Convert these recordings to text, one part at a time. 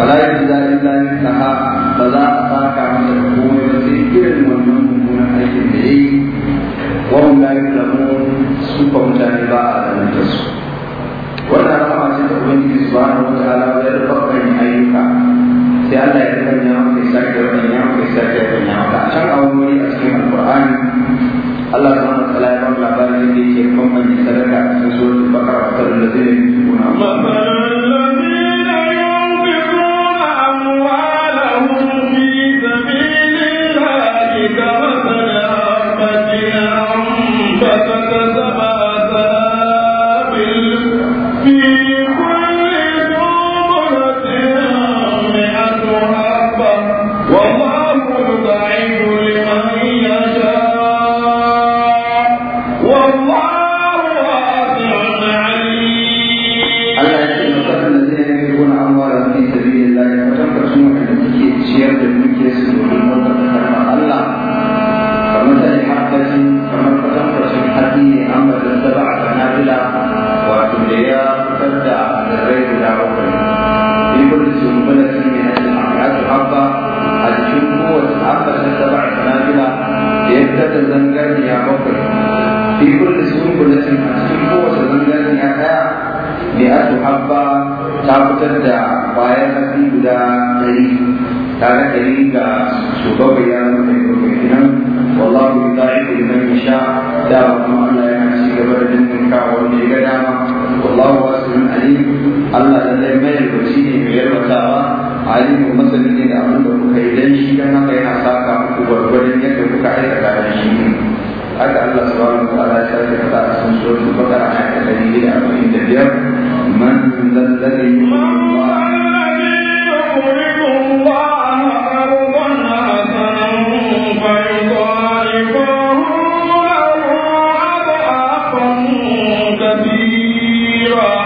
فلا يجزى إلا مثلها فلا أتاك عن الحكومة التي إلى المؤمنون من حيث الدليل وهم لا يظلمون سوق مجانبا على المجلس ولا رحمة تؤمن سبحانه وتعالى غير فقر أيك sai Allah ya kan ya maka sake wannan ya maka sake wannan ya maka can a wani wuri a cikin alqur'ani Allah subhanahu wa ta'ala ya ba labarin da yake kan manyan habba ta fitar da bayan hatsi guda ɗari tare da ɗari ga su bakwai ya zama ɗari bakwai kenan wallahu bi za'iku liman yasha da kuma Allah yana ci gaba da dindinka wanda ya ga dama wallahu wasi'un alim Allah da zai ne mai yarwatawa alimu masanin ne da abin da kuka yi dan shi dan haka saka muku yadda kuka aikata da shi haka Allah subhanahu wa ta'ala ya sake faɗa a من ذا الذي يخرج الله أرضا حسنا فيضاعفه له أضعافا كثيرا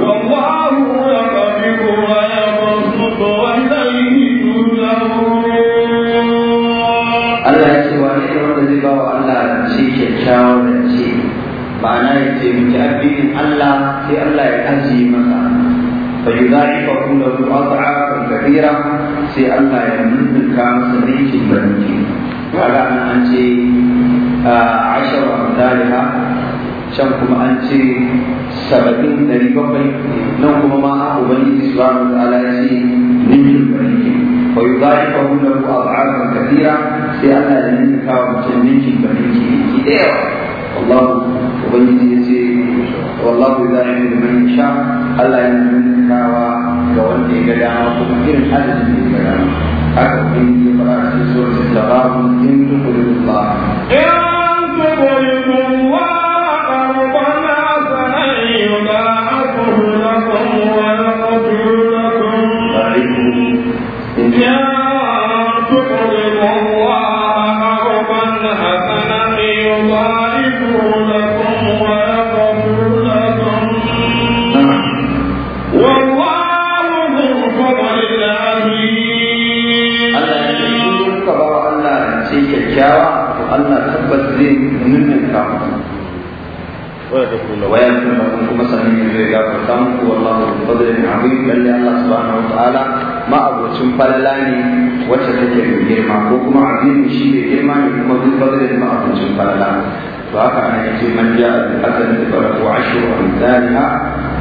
والله يقبض ويبسط وإليه ترجعون Allah ya ce wa ne wanda zai ba wa Allah rance kyakkyawan rance ma'ana ya ce mutu addinin Allah sai Allah ya ajiye masa fa yudha'ifahu lahu adha'afan kathira sai Allah ya ninka masa ninkin da ninki kaga an ce ashara amsalha can kuma an ce saba'in ɗari bakwai nan kuma ma a ubangiji subhanahu wa ta'ala ya ce ninkin da ninki fa yudha'ifahu lahu adha'afan kathira sai Allah ya ninka wa mutum ninkin da ninki ki da yawa والله وبنجي wallahu idza yuridu man yasha Allah yana nuna ga wanda ya ga kuma irin adadin da ya girma ko kuma abin shi da girma ne kuma duk bangaren ma'abucin falala to haka ana yace man ja al-hasan bi baratu ashru amsalha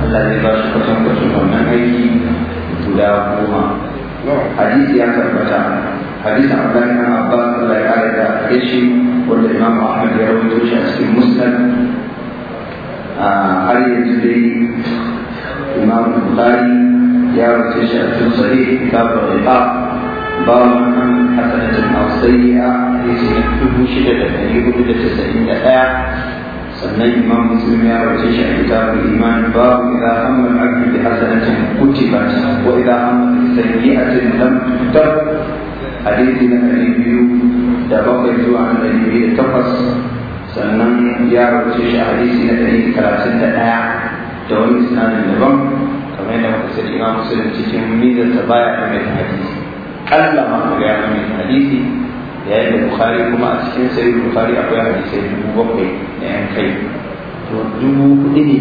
alladhi ba shi kasan kasan wannan aiki guda goma hadisi ya tabbata حديث عبد الله بن عباس الله يعالج عيشي والإمام أحمد يروي شخص مسلم علي الزبيري الإمام البخاري يروي شخص صحيح كتاب الغطاء باب sannan imam muslim ya rauce shi a kitabun iman babu idan hamman abin da hasanacin kuce ba ta ko idan hamman sanyi a cikin nan tutar a daidai na ɗari biyu biyu da takwas sannan ya rauce shi a hadisi na ɗari talatin da ɗaya da wani sinadar daban kamar yadda muka sani imam muslim cikin mizan sa baya da mai hadisi mai hadisi yayin da bukari kuma a cikin sai bukari akwai hadisai dubu bakwai na yan kai to dubu hudu ne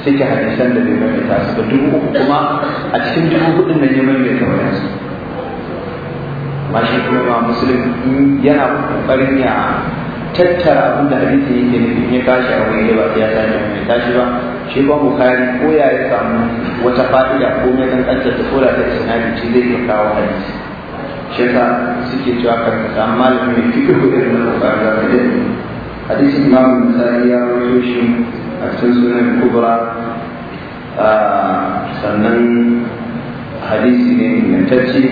suke hadisan da bai maimaita su ba dubu uku kuma a cikin dubu na nan ya maimaita wani su shi kuma ma musulun yana kokarin ya tattara abin da hadisi yake in ya kashi a wani ba ya sani mai tashi ba shi ba bukari ko ya yi samu wata fa'ida ko mai da ta da ta na ce zai kawo hadisi shi yasa suke cewa karka samu malamin mai fito kudin na kokari za ka je hadisin imamu misali ya rawaito shi a cikin sunan kubra ah, sannan hadisi ne ingantacce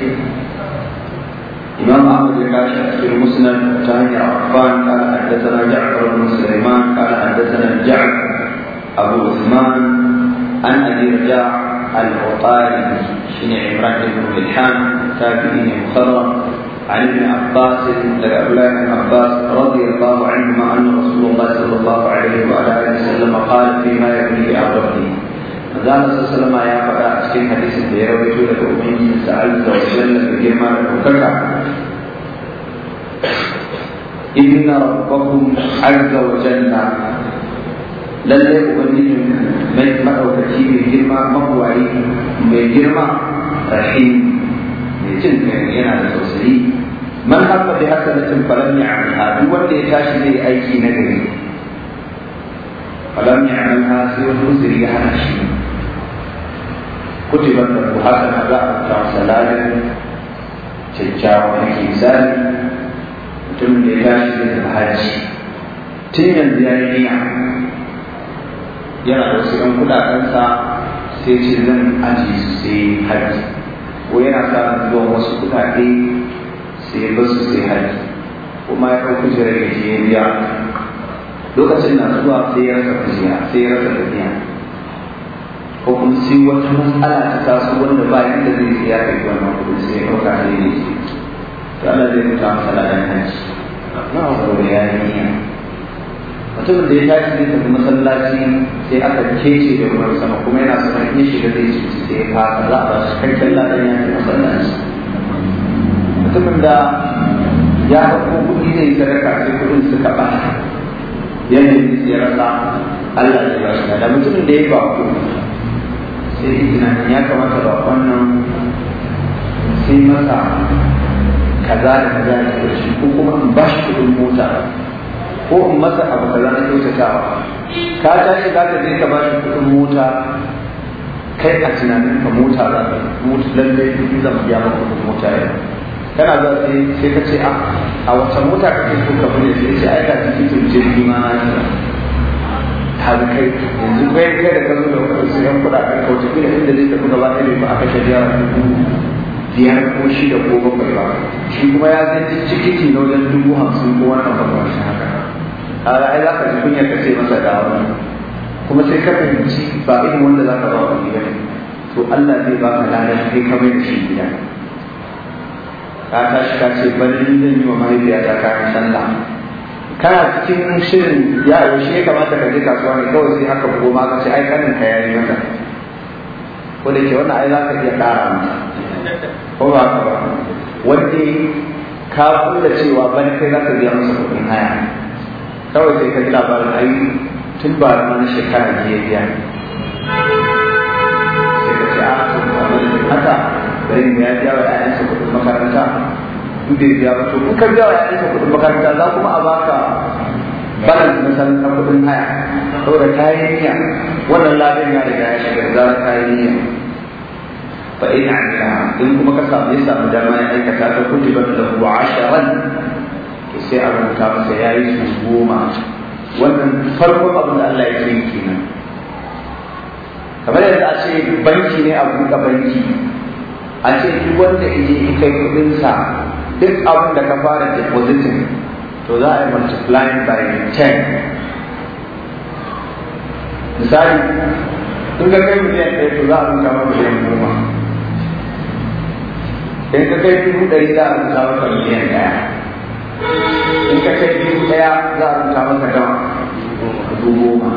إمام أحمد الكاشف في المسند تاني عفان قال حدثنا جعفر بن سليمان قال حدثنا جعفر An عثمان عن أبي رجاء العطاري شن عمران بن التابعين مصرح عن ابن عباس عبد بن عباس رضي الله عنهما ان رسول الله صلى الله عليه وعلى اله وسلم قال فيما يبني أبو ربي قال صلى الله عليه وسلم يا حديث الدير وجل ان ربكم عز وجل لن ولي من مكه وكتيبه جرما مقوعي من جرما رحيم jin kai yana da tausayi man hamma bi hasanatin falam ya'malha duk wanda ya tashi zai aiki na gari falam ya'malha sai wani uzuri ya hana shi kutiban da ku hasana za a ta salalin kyakkyawan aiki misali mutumin da ya tashi zai tafi Haji, tun yanzu ya yi niyya yana da wasu 'yan kuɗaɗensa sai ce zan aji su sai hajji ko yana samun zuwan wasu kudade sai ba su sai haji kuma ya lokacin na zuwa sai ya rasa tafiya sai ya rasa ko kuma sai wata matsala ta taso wanda ba yadda zai sai ya kai wannan kuɗin sai ya ɗauka to zai mutu a matsala da haji saboda ya yi niyya mutumin da ya tashi da tafi masallaci sai aka shi da ruwan sama kuma yana sama in shiga zai ci sai ya fara za a bashi kankan ladan ya fi masallaci mutumin da ya ɗauko kuɗi ta sadaka sai kuɗin suka ba yanayin ya rasa Allah ya ba shi da mutumin da ya ba ku sai tunanin ya kamata ba wannan sai masa kaza da kaza da shi ko kuma in bashi kuɗin mota ko in masa abu kaza na kyautatawa ka tashi za ka je ka ba shi kuɗin mota kai a tunanin ka mota za ka lallai lalle kuɗi zan biya maka kuɗin mota yau kana za yi sai ka ce ah, a wata mota ka so ka bude sai ce ai ka ji titin jirgi ma na shi har kai yanzu kai kai da ka zo da kuɗin sai yan kuɗaɗen ka wata kila inda zai tafi gaba ɗaya ba aka shari'a dubu biyar ko shida ko bakwai ba shi kuma ya zai cikiti na wajen dubu hamsin ko wannan bakwai shi haka a ai za ka ji kunya ka ce masa da wani kuma sai ka fahimci ba irin wanda za ka ba wa ba ne to Allah zai ba ka ladan sai ka mai da shi gida ka tashi ka ce bari ni zan yi wa ta kayan sallah kana cikin shirin ya yaushe ya kamata ka je kasuwa ne kawai sai haka ma ka ce ai kanin ka yayi maka ko da ke wannan ai za ka iya ƙara mata ko ba ka ba wanda ka kula cewa ban kai za ka biya masa kuɗin haya kawai sai ka ji labarin ayi tun ba na shekara biyu ya biya ne sai ka ce a ah, to haka garin ya biya wa ƴaƴansa kuɗin makaranta in bai biya ba to in ka biya wa ƴaƴansa kuɗin makaranta za kuma a baka balan na san na kuɗin haya saboda ta yi niyya wannan labarin ya riga ya shiga za ta yi niyya fa ina amila in kuma ka samu ya samu dama ya aikata ta kutuba lahu asharan sai a rubuta masa ya yi su goma wannan farkon abin da Allah ya ce kenan kamar yadda a ce banki ne a buɗe banki a ce duk wanda ya je kai kuɗinsa duk abin da ka fara depositin to za a yi multiply by 10 misali in ka kai miliyan ɗaya to za a rubuta maka miliyan goma in ka kai dubu ɗari za a rubuta maka miliyan ɗaya in ka kai dubu ɗaya za a rubuta maka a dubu goma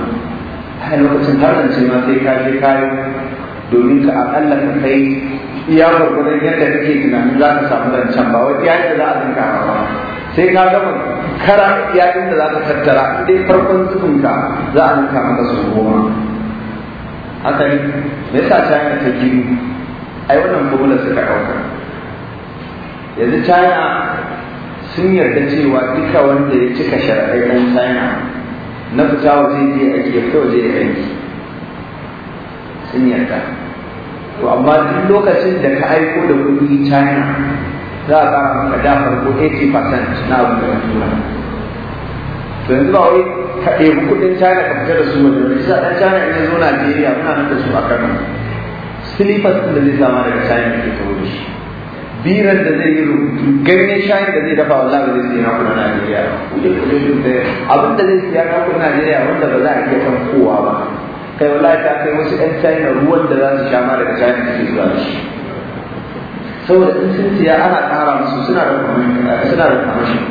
a yi lokacin tazance ma sai ka je kayo domin ka aƙalla ka kai iya gwargwadon yadda kake tunanin za ka samu rancen ba wai iya yadda za a a ba sai ka gama kara iya da za ka tattara dai farkon zukunka za a dinka maka su goma haka ne me yasa China ta gini ai wannan formula suka ɗauka yanzu China sun yarda cewa duka wanda ya cika sharaɗai ɗan china na fita waje je ake ya fita waje ya aiki sun yarda to amma duk lokacin da ka aiko da kudi china za a ƙara maka damar ko 80% na abu da tura to yanzu ba wai ka ɗebi kuɗin china ka fita da su wajen wani sa ɗan china in ya zo najeriya muna nan da su a kano silifas ɗin da zai zama daga china ke tawo da shi biran da zai yi rubutu ganyen shayin da zai dafa wallah ba zai siya na kuna Najeriya ba kuje kuje da abin da zai siya na kuna Najeriya wanda ba za a iya kan kowa ba kai wallahi ta kai wasu ƴan China ruwan da za su sha ma daga China ke zuwa da shi saboda in sun siya ana ƙara musu suna da suna da kamashin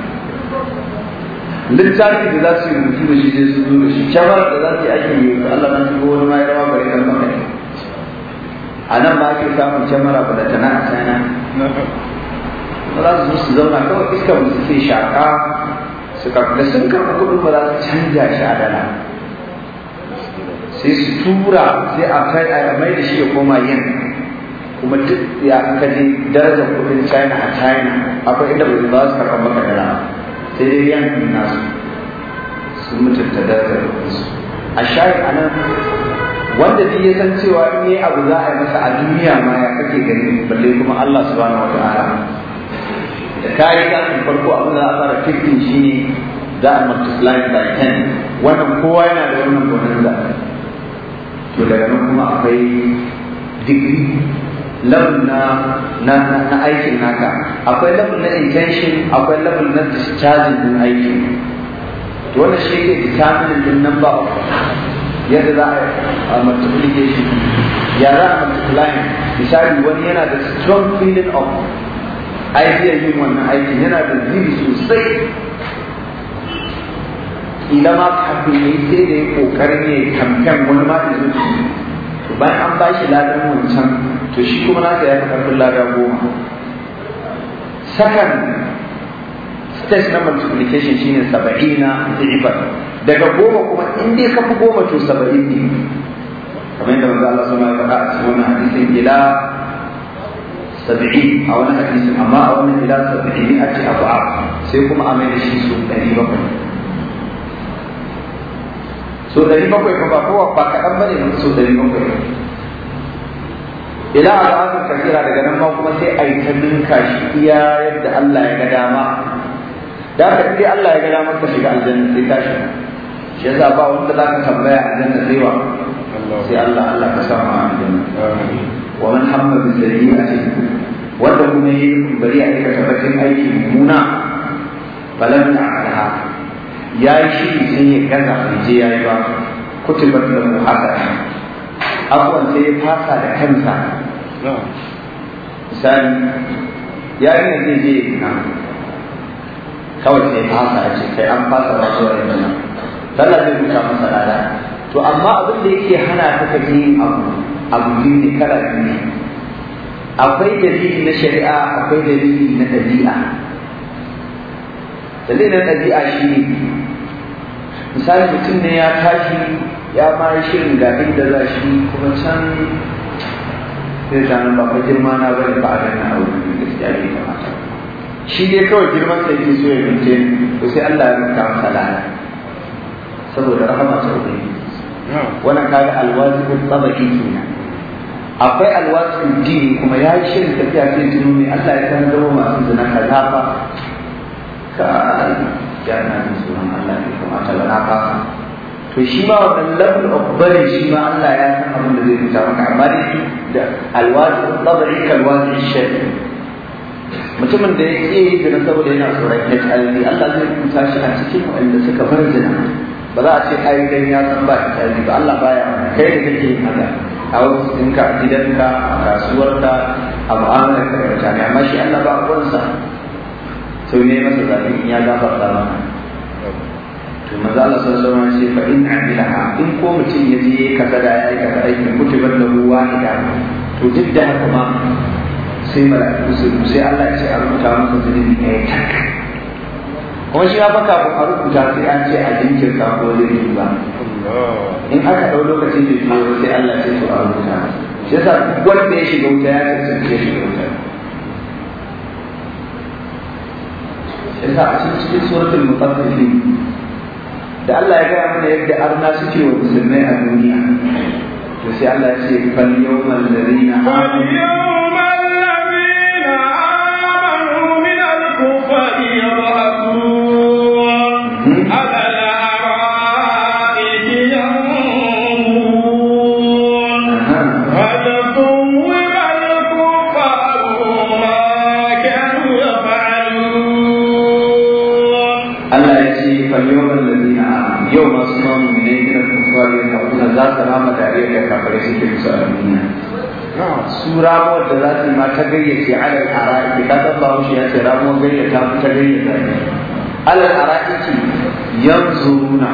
da za su yi rubutu da shi zai su zo da shi kyamar da za su yi ake yi Allah na shigo wani ma ya rawa gari kan makarai a nan ba ake samun kyamara ba da tana a china ba za su zo su zauna kawai iska mu suke shaƙa su da sun karɓi kuɗi ba za su canja shi a dala sai su tura sai a kai a mai da shi ya koma yin kuma duk ya aka ji darajar kudin china a china akwai inda ba su karɓar maka dala sai dai yan nasu sun mutunta darajar kudinsu a shayi a nan wanda zai ya san cewa in yi abu za a yi masa a duniya ma ya kake gani balle kuma Allah subhanahu wata'ala da ka san farko abin da za a fara fitin shi ne za a multiply by 10 wannan kowa yana da wannan da to daga nan kuma akwai digiri level na na na aikin naka akwai level na intention akwai level na discharge din aikin to wannan shi ke determining din number of yadda za a multiplication ya za a multiplying misali wani yana da strong feeling of idea yin wannan aiki yana da ziri sosai idan ma kafin ne sai da ya kokarin ne kamfen wani ma da zuci bayan an ba shi ladan wancan to shi kuma na ya fi karfin lada goma second stage na multiplication shine saba'ina da daga goma kuma in dai ka fi goma to saba'in ne kamar yadda manzo Allah sama ya faɗa a cikin wannan hadisin ila saba'in a wannan hadisin amma a wannan ila saba'in a ce abu sai kuma a mai da shi su ɗari bakwai so ɗari bakwai ko ba kowa ba kaɗan ba ne so ɗari bakwai ila al'adun kafira daga nan ma kuma sai a yi ta ninka shi iya yadda Allah ya ga dama da haka Allah ya ga dama ka shiga aljanna sai ta shiga shi yasa ba wanda za ka tambaya a janna sai wa sai Allah Allah ka samu a janna wa man hamma bi sayyi'ati wanda kuma yi bari a aika tabbatin aikin muna balam na haka. ya yi shi sai ya gaza a je ya yi ba kutubat lahu haka, abuwan sai ya fasa da kansa misali ya yarinyar zai je na kawai sai fasa a ce kai an fasa ba zuwa yanzu sallah zai rubuta masa lada to amma abin da yake hana ka kaje abu abu biyu ne karatu ne akwai dalili na shari'a akwai dalili na ɗabi'a dalilin ɗabi'a shi ne misali mutum ne ya tashi ya ma shirin ga inda za shi kuma can sai zanen ba fa girma na bari ba a ganin aure da gaskiya bai kamata shi dai kawai girman sai ke so ya mince to sai Allah ya rinka masa lana saboda rahama ta ubangiji wannan kaga alwazibul tabaqi kenan akwai alwazibul dini kuma ya yi shirin tafiya kan tuno mai Allah ya san zama masu zina kazafa ka yana da sunan Allah ya kamata lalafa to shi ma wannan level of shi ma Allah ya san abin da zai fita maka amma da alwazibul tabaqi kalwazibul shar'i mutumin da ya ke yi zina saboda yana tsoron HIV Allah zai kuta shi a cikin waɗanda suka bar zina ba za a ce ai dan ya san ba shi tsari ba Allah baya kai da kake yin haka a wasu ɗinka a gidanka a kasuwarka a mu'amalar ka da mutane amma shi Allah ba ruwansa sau ne masa zafi in ya gafarta mana to maza Allah sallallahu alaihi wasallam ce fa in amilaha in ko mutum ya je kasada ya aikata aikin mutubar da ruwa ida to duk da haka ma sai mala'iku sai Allah ya ce an rubuta masa zunubi ne ya taka kuma shi ma fa kafin a rubuta sai an ce a jinkirta ko zai ba oh. in aka ɗau lokacin da biyo sai Allah sai su a rubuta shi yasa wanda ya shiga wuta ya kasance ya shiga wuta yasa a cikin cikin suratul mutaffifin da Allah ya gaya mana yadda arna suke wa musulmai a duniya to sai Allah ya ce fal yawmal ladina fal yawmal ladina ramuwar da za su ma ta gayyace alal ara'iki ka san ba ya ce ramuwar gayyata ta gayyata alal ara'iki yanzuruna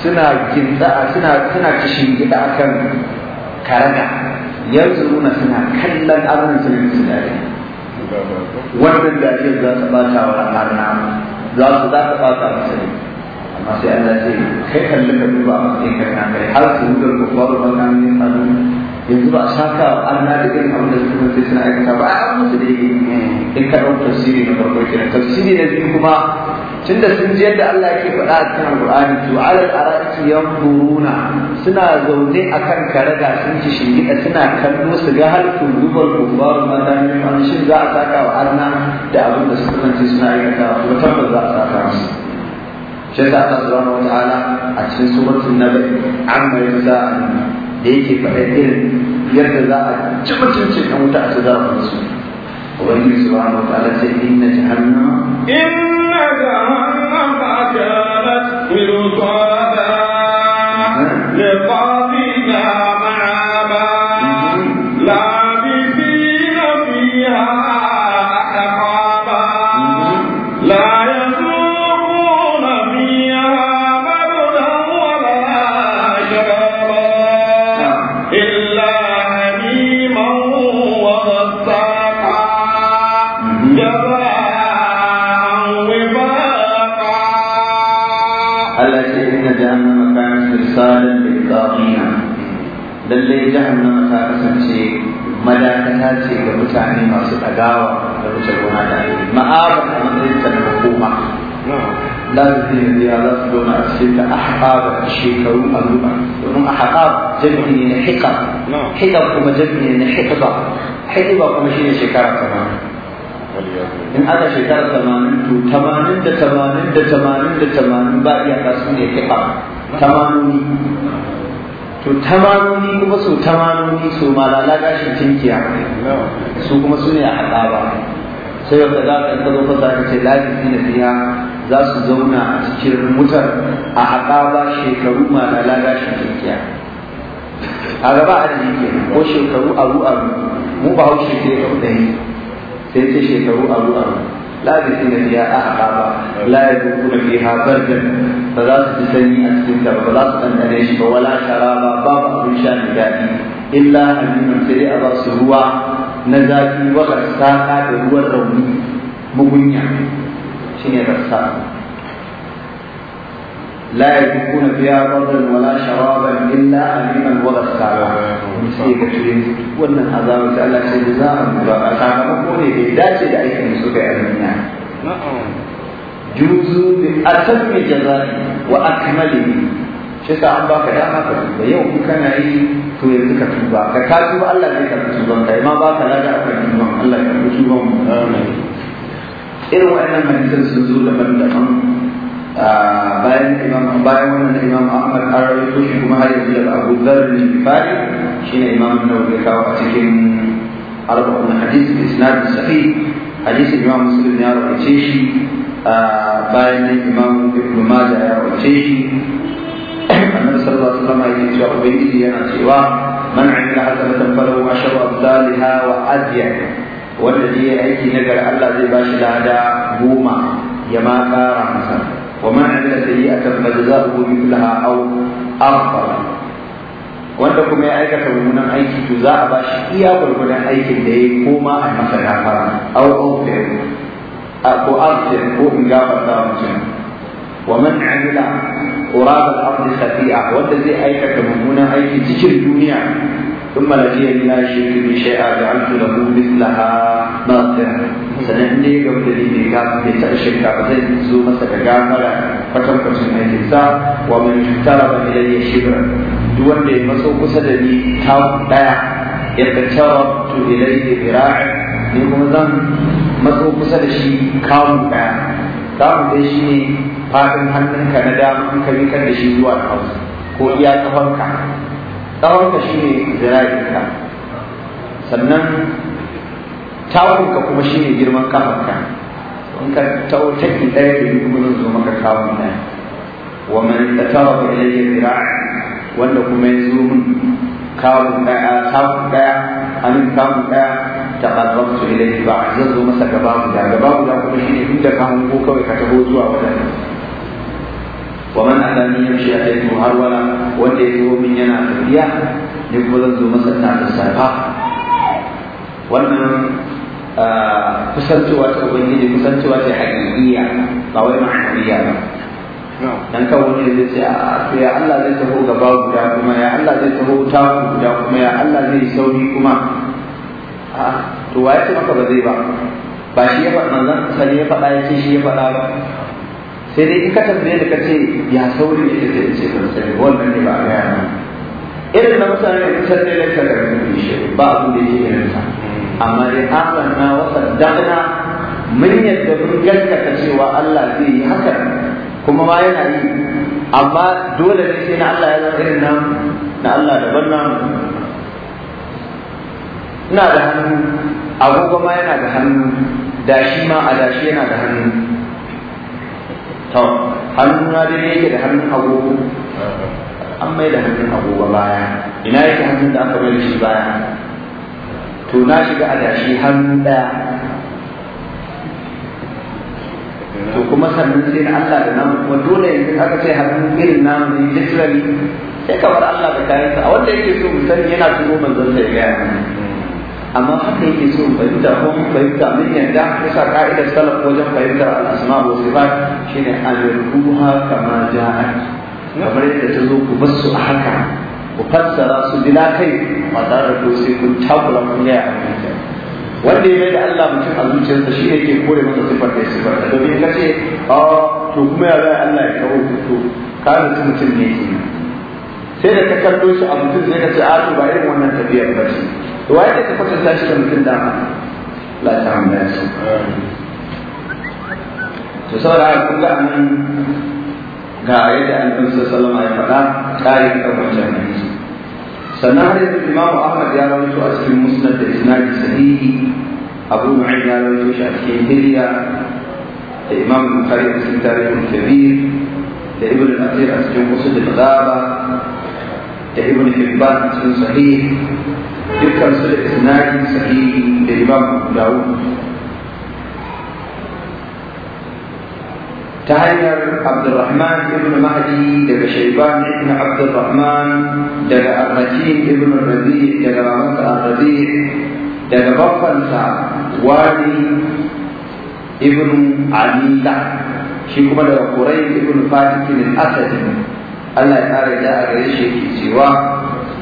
suna gindada suna suna kishin gida akan karaga yanzuruna suna kallon abin sun yi su dare wannan dariyar za ta bata wa arna za su za ta bata wa ne amma sai Allah ce kai kalli ka duba a matsayin kai kai har su rudar ku ba na ne hannu yanzu ba a shaka arna da irin abin da suka sai suna aikata ba a musu da eh, in ka ɗaukar tafsiri na farko kenan tafsiri na biyu kuma tunda sun ji yadda Allah yake faɗa a cikin Al-Qur'ani to alal arati yanzuruna suna zaune akan karaga sun ci shingida suna kallo su ga hal dubar kubar ma da an shi za a saka wa arna da abin da suka ci suna yi ta wata ba za a saka musu shi yasa Allah subhanahu wataala a cikin suratul nabi amma yasa da yake faɗa irin yadda za a ci mutuncin ɗan wuta a ci zarafin su ubangiji subhanahu wataala sai inna jahannama جهنم كانت مرصادا talakawa da wuce gona da aiki ma'abar a matsayin dia na hukuma la su fi ne ya za su zauna a cikin da ahqaba shekaru al'umma domin ahqab jami'i kuma jadi ne na hiqba kuma shine shekara tamanin in aka shekara tamanin to tamanin da tamanin da tamanin da tamanin ba iyaka su ne hiqab tamanuni to tamanuni kuma su tamanuni su malala gashin tinkiya su kuma su ne a ba sai wanda za ka ta zofa za ka ce lafi na fiya za su zauna a cikin mutar a ba shekaru ma malala gashin tinkiya a gaba a jiki ko shekaru a ru'aru, mu ba haushe ke ɗari sai ce shekaru a ru'aru. لا يسين فيها أعقابا لا يذوقون فيها بردا فلا تسني أسلك ولا تنأنيش ولا شرابا باب أبو شان ذاتي إلا حميم سريع رأسه نزاكي وغساقا هو الرومي مغنيا شنو الرساقة لا يكون فيها بردا ولا شرابا الا اليما وغسالا sai ka cire wannan azabar da Allah sai za a duba a sakamako ne bai dace da aikin su ga yarmiya juzu bi atammi jazai wa shi sa an baka dama ka tuba yau in kana yi to yanzu ka tuba ka ka tuba Allah zai karɓi tuban ka ma baka lada kan tuban Allah ya karɓi mu irin wa'annan hadisan sun zo daban-daban Ah, bayan imam bayan wannan imam Ahmad an ko shi kuma har yanzu daga Abu Dharr al-Ghifari shine imam Nawawi kawo a cikin arba'un hadith bi isnad sahih hadith imam Muslim ya rawaito shi ah, bayan nan imam Ibn Majah ya rawaito shi annabi sallallahu alaihi wasallam ya ce ubangiji yana cewa man amila hasanatan falahu ashru amsalha wa adyaka wanda ya aiki na gari Allah zai ba shi lada goma ya ma kara masa ومن عمل سيئة فجزاؤه مثلها أو أكثر wanda kuma ya aikata mummunan aiki to za a ba shi iya gwargwadon aikin da ya yi koma a masa gafara au ofir a ko afir ko in gafarta mutum wa man amila qurab al-ard khati'a wanda zai aikata mummunan aiki cikin duniya ثم لقي من لا يشرك بي شيئا جعلت له مثلها ناصرا sannan ne ga wanda ne ga bai taɓa shirka zai zo masa da gafara kwatankwacin aikinsa wa mai cutar ba ne ya shibra duk wanda ya maso kusa da ni ta daya ya ka tara tu ilaihi bira'i ni kuma zan maso kusa da shi kamu daya kamu dai shi ne fatan hannunka na dama in ka miƙar da shi zuwa hausa ko iya kafanka ka shi ne ka sannan ka kuma shi ne girman kafanka in ka tawo ɗaya da yi kuma zan zo maka kawo na wa man da tawa ka ilayya zira'a wanda kuma ya zo min kawo ɗaya takun ɗaya amin kawo ɗaya ta ƙarfafa su ilayya ba zan zo masa gaba guda gaba guda kuma shi ne inda ka ko kawai ka taho zuwa wajen shi ya har wala wanda ya عليه مهرولا وأن يكون من ينا فتيا يقول ذو مسكنا da السابق wannan kusancewa ta ubangiji kusancewa ce haƙiƙiya ba wai ma'anariya ba dan kan wani da zai ce ya Allah zai taho gaba guda kuma ya Allah zai taho taku guda kuma ya Allah zai sauri kuma to waye ce maka ba zai ba ba shi ya faɗa manzon sani ya faɗa ya ce shi ya faɗa ba sai dai in ka tambaye da kace ya sauri ne da ce ka sai wannan ne ba a gaya nan irin na mutane da kusan da lantar da kuma shi ba abu da yake irin sa amma dai na wasa dana mun yadda mun gaskata cewa Allah zai yi haka kuma ma yana yi amma dole ne sai na Allah ya zama irin nan na Allah daban namu? ina da hannu agogo ma yana da hannu Da shi ma a dashi yana da hannu to hannun na dai yake da hannun agogo an mai da hannun agogo baya ina yake hannun da aka mai shi baya to na shiga adashi hannu daya to kuma sannan sai na Allah da namu kuma dole yanzu aka ce hannun irin namu ne literally sai kamar Allah da kayansa a wanda yake so mu sani yana turo manzon sa ya gaya mana amma haka yake so fahimta ko fahimta min yanda yasa ka'idar salaf wajen fahimtar al-asma wa sifat shine amirruha kama ja'at kamar yadda ta zo ku bar su a haka ku fassara su bila kai ba tare da sai kun takura kun ya amince wanda ya da Allah mutum a zuciyarsa shi yake kore masa sifar da sifar da domin ka ce a to kuma ya zai Allah ya kawo ku to ka da mutum ne sai da ka kallo shi a mutum sai ka ce a to ba irin wannan tafiyar ba ce to waye da ka kwatanta shi da mutum da la ta hamda shi to saboda kun ga ga yadda annabi sallallahu alaihi wasallam ya faɗa ƙarin kan wancan sannan har yanzu imamu ahmad ya rawaito a cikin musnad da isnadi sahihi abu nu'aym ya rawaito shi a cikin hilya da imam bukhari a cikin tarihin kabir da ibn al-athir a cikin usul da ghaba da ibn hibban sun sahih dukkan su da isnadin sahihi da imam dawud ta hanyar abdurrahman ibn mahdi daga shaiban ibn abdurrahman daga arrajim ibn rabi daga babansa arrabi daga babbansa wani ibn alila shi kuma daga kurai ibn fatih al-asadi Allah ya kare da a gare shi yake cewa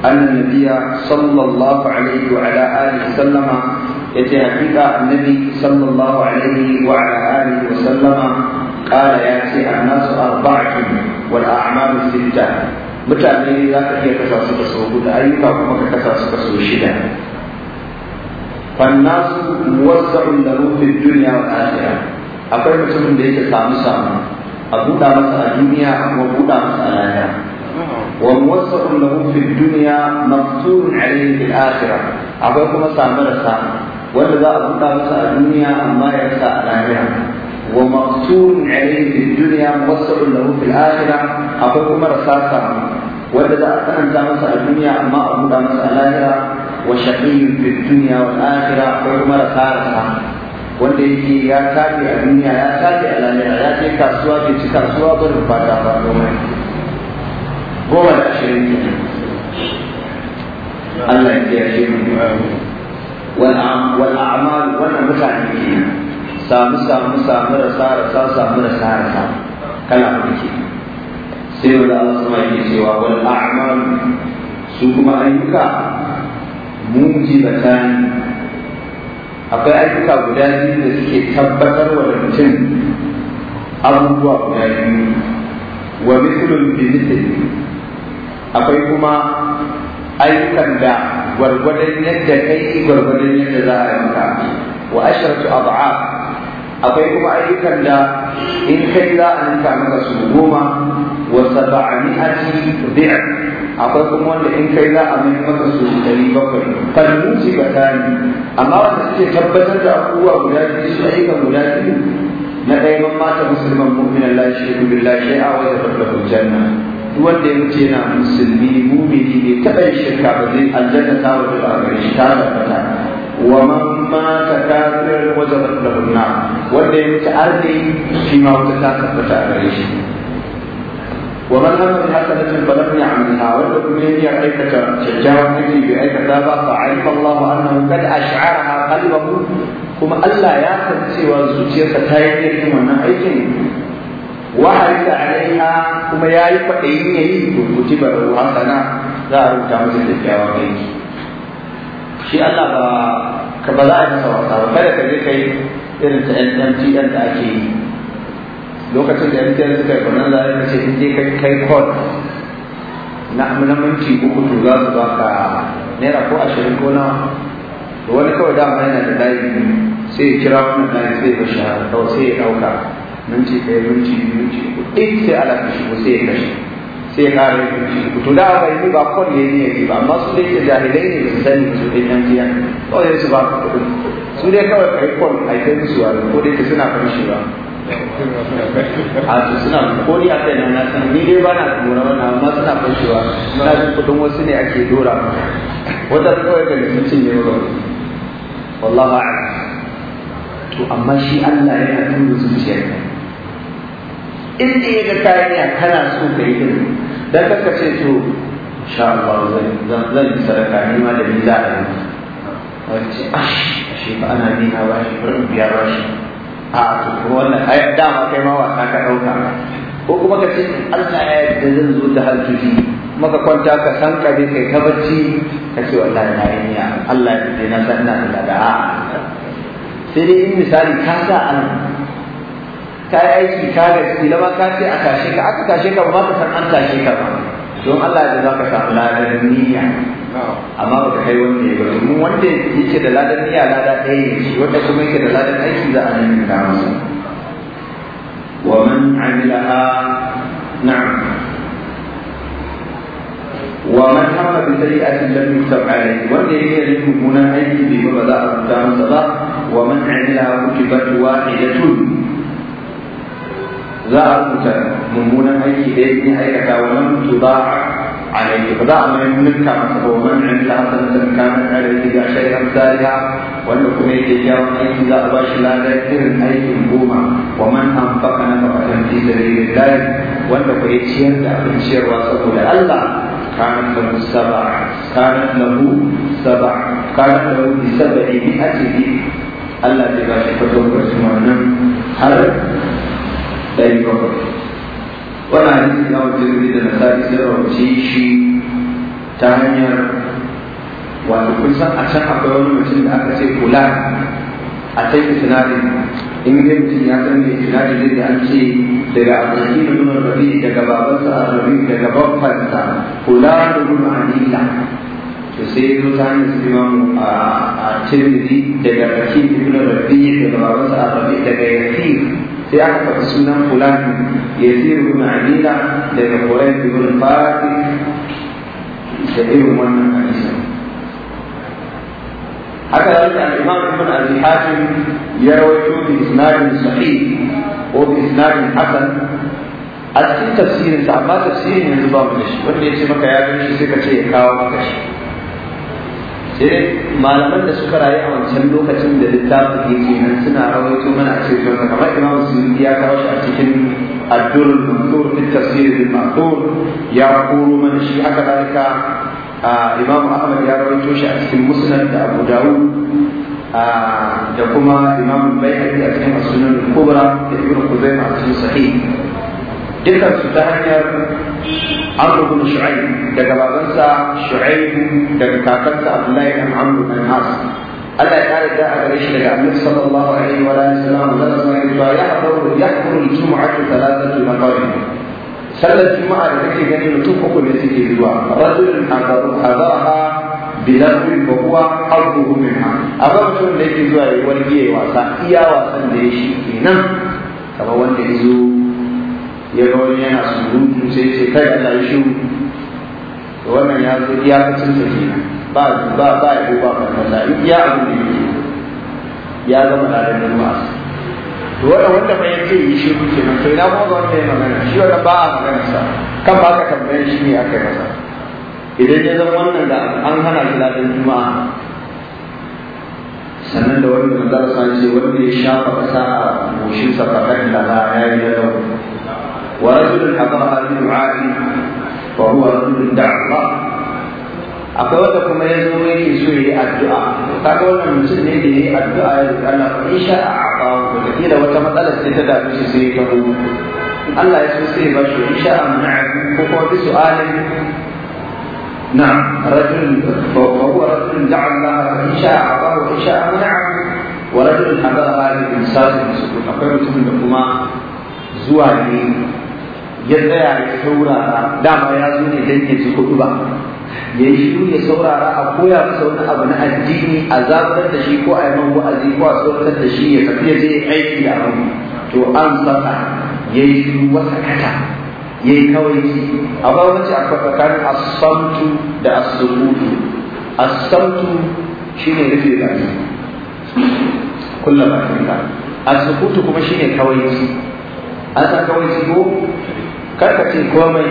annan nabiya sallallahu alaihi wa ala alihi sallama yace hakika annabi sallallahu alaihi wa ala alihi wa sallama قال ياتي الناس أربعة والأعمال ستة mutane za ka iya kasa su kaso guda ayyuka kuma ka kasa su kaso shida fannasu muwassa'un lahu fi dunya wal akhirah akwai mutumin da yake samu samu a buɗa masa a duniya a kuma buɗa masa a lahira wa muwassaqun lahu fi dunya maqsurun alayhi fil akhirah akwai kuma samarsa wanda za a buɗa masa a duniya amma ya rasa a lahira wa maqsurun alayhi fi dunya muwassaqun lahu fil akhirah akwai kuma rasa rasasa wanda za a tsananta masa a duniya amma a buɗa masa a lahira wa shaqiyyun fi dunya wal akhirah akwai kuma rasa rasasa wanda yake ya tafi a duniya ya tafi a lalira ya je kasuwa ke ci kasuwa ba da fata ba goma goma da ashirin ne Allah ya kiyaye mu wal a'mal wannan mutane ke samu samu samu rasa rasa samu rasa rasa kala uku ke sai wanda Allah sama yake cewa wal a'mal su kuma ayyuka mujibatan akwai ayyuka guda biyu da suke tabbatar wa mutum abubuwa guda biyu wa mislun bi akwai kuma ayyukan da gwargwadon yadda kai gwargwadon yadda za a yi maka wa asharatu ad'af akwai kuma ayyukan da in kai za a yi maka su goma wa sab'ati bi' akwai kuma wanda in kai za a mai maka su dari bakwai falmusi batani amma wanda suke tabbatar da abubuwa guda biyu su aika guda biyu na ɗaya man mata musulman mu'minan la shirku billahi shay'a wa yadkhulu janna duk wanda ya wuce yana musulmi mu'mini ne bai shirka ba zai aljanna ta wuce ba shi ta tabbata wa man mata kafiran wajabat lahu an wanda ya ce arni shi ma wata ta tabbata a gare shi ومن لم يتحدث بحسنة فلم يعملها ولكم هي أيكة شجاعة تجري بأيكة تابع فعرف الله أنه قد أشعرها قلبه كما ألا يأخذ سوى زوجية تايد كما أيكن وحرص عليها كما يعرف أينه كتب له حسنة لا أرد كامل الجواب shi Allah ba ka ba za a yi masa wasa ba kada ka je kai lokacin da mtn suka yi wannan za ka ce in dai kai kai kod na minti uku to za su baka naira ko ashirin ko nawa da wani kawai dama yana da layi sai ya kira wannan layi sai ya bashi kawai sai ya ɗauka minti ɗaya minti biyu minti uku ɗin sai ala ka shigo sai ya kashe sai ya ƙara yin minti uku to da aka yi ba call ya ne ya ba amma su dai ke jahilai ne ba su sani su ɗin yan jiya kawai su ba ka kuɗin su dai kawai kai kod a kai su a ko dai ka suna kamshi ba a su suna koli a kai na san ni dai ba na dora wannan amma suna fashewa na jin kudin wasu ne ake dora wata kawai ga mutum ne ba wallahu a'lam to amma shi Allah yana tura zuciyar in da ya ga kariya kana so ka yi din dan kaka ce to sha Allah zan zan sadaka ni ma da ni za a yi wace ah shi ba ana bi na bashi bari biya bashi a wannan ai dama kai ma wasa ka ɗauka, ko kuma ka ce Allah ya yarda zan zo da kifi, maka kwanta ka san ka bi kai ta bacci ka ce wallahi na yi niyya Allah ya yarda na san na da da'a sai dai in misali ka sa an ka yi aiki ka ga shi da ma ka ce a tashe ka aka tashe ka ba ta san an tashe ka ba don Allah ya zaka samu ladan niyya amma baka kai wanda ya ba mu wanda yake da ladan niyya lada ɗaya shi wanda kuma yake da ladan aiki za a nan da masa wa man amilaha na'am wa man hamma bi sayyi'atin lam yusab alayhi wanda yake da mummunan aiki bai ba za a rubuta masa ba wa man amilaha kutibat wahidatun Za'a a rubuta mummunan aiki da yake aikata wannan tuba a yanki ba za a mai nuka masa ba wannan yan ta hasan da na da yake ga shaidan zariya wanda kuma yake ya aiki za a ba shi lada irin aikin goma wa man an faka na mafatan fi sabilillahi wanda ku yi ciyar da abinciyarwa saboda Allah kanat lahu saba kanat lahu saba kanat lahu bi sab'i bi Allah ya ba shi kwatan wannan har ɗari bakwai wani hadisi na wajen da na sa'i sai shi ta hanyar wato kun a can akwai wani mutum da aka ce kula a ta yi sinadin in dai mutum ya san mai sinadin da an ce daga nuna rabi daga babansa a rabi daga babbansa kula da nuna anila to sai zo ta hanyar su imamu a tirmidhi daga rashi ibn rabi daga babansa a rabi daga yasir sai aka faɗi sunan fulan yazid ibn adila daga da ibn fatih da irin wannan hadisa haka yadda al-imam kuma a hatim ya rawaito bi isnadin sahi ko bi isnadin hasan a cikin tafsirin sa amma tafsirin yanzu ba mu da shi wanda ya ce maka ya gani sai ka ce ya kawo maka shi sai malaman da suka rayu a wancan lokacin da littafin ke nan suna rawaito mana a cikin wannan kamar imam suyuti ya kawo shi a cikin addur mansur fi tafsir al ya koro mana shi haka dalika imam ahmad ya rawaito shi a cikin musnad da abu dawud da kuma imam bai a cikin sunan kubra da ibnu kuzaima a cikin sahih dukkan su ta hanyar Amr bin Shu'aib daga babansa Shu'aib daga kakansa Abdullahi bin Amr bin Has Allah ya kare da a gare shi daga Annabi sallallahu alaihi wa sallam wasallam da zama yin ya haɗu ya Juma'a ta talata thalathatu maqamin sallar juma'a da kake gani mutum uku ne suke zuwa rajulun hadaraha bilarwi wa huwa arduhu minha amma mutum da yake zuwa yi wani wasa iya wasan da ya shi kenan kamar wanda ya zo ya ga wani yana surutu sai ce kai a yi shiru wannan ya zo iyakacin sa kenan ba ba ba ya ba farfasa iya abu da yake ya zama da da ruwa to wannan wanda ba ya ce yi shiru kenan to ina kuma ga wanda ya magana shi wanda ba a magana sa kan ba ka tambayar shi ne aka yi masa idan ya zama wannan da an hana shi ladan juma'a sannan da wani manzara sa ce wanda ya shafa kasa a goshinsa faɗan da ba ya yi na ورجل حضرها بدعاء وهو رجل دعا الله akwai wanda kuma ya zo yake so yi addu'a kaga wannan mutum ne da yi addu'a ya roƙi Allah ko insha Allah ko kila wata matsala ce ta dame shi sai ya Allah ya so sai ba shi insha Allah ko ko bi kuma zuwa ne ya tsaya ya saurara dama ya zo ne dan ya kudu ba ya yi shiru ya saurara a koya masa wani abu na addini a zaburar da shi ko a yi man wa'azi ko a sauratar da shi ya tafi zai yi aiki da abu to an saka ya yi shiru wata kata ya yi kawai ki a ba wace a tsakanin asamtu da asubutu asamtu shi ne rufe baki kulla bakin ka asubutu kuma shi ne kawai ki an san kawai ki ko kar ka ce komai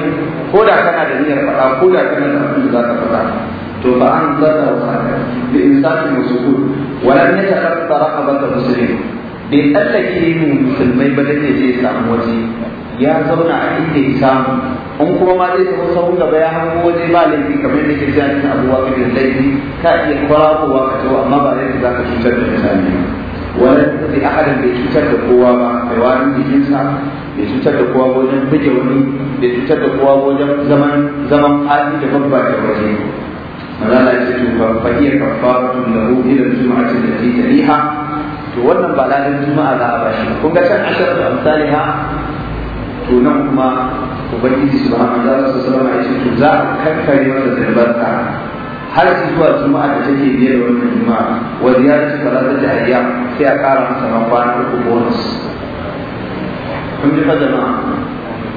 ko da kana da niyyar faɗa ko da kana da abin da za ka faɗa to ba an zata wa bi insafin musul walan yataqa raqabata muslimin bai tsallake mu musulmai ba dake zai samu waje ya zauna a inda ya samu in kuma ma zai samu sauran gaba ya hango waje ba laifi kamar yadda ke jami'in abubuwa ga laifi ka iya kwarawa ka zo amma ba laifi za ka cutar da mutane wani zai ahalin bai cutar da kowa ba mai warin jikinsa bai cutar da kowa wajen buge wani bai cutar da kowa wajen zaman zaman hali da babba da waje mazala ya ce to fa iya tun da hu ila juma'atin da ta tariha to wannan ba ladan juma'a za a bashi kun ga can ashar da amsaliha to nan kuma ubangiji subhanahu wa ta'ala sallallahu alaihi wasallam ya ce to za a kankare masa zalbarka har zuwa juma'a da take biye da wannan juma'a wa ziyarci salat da ayya sai a kara masa na kwana uku bonus kun ji fa sai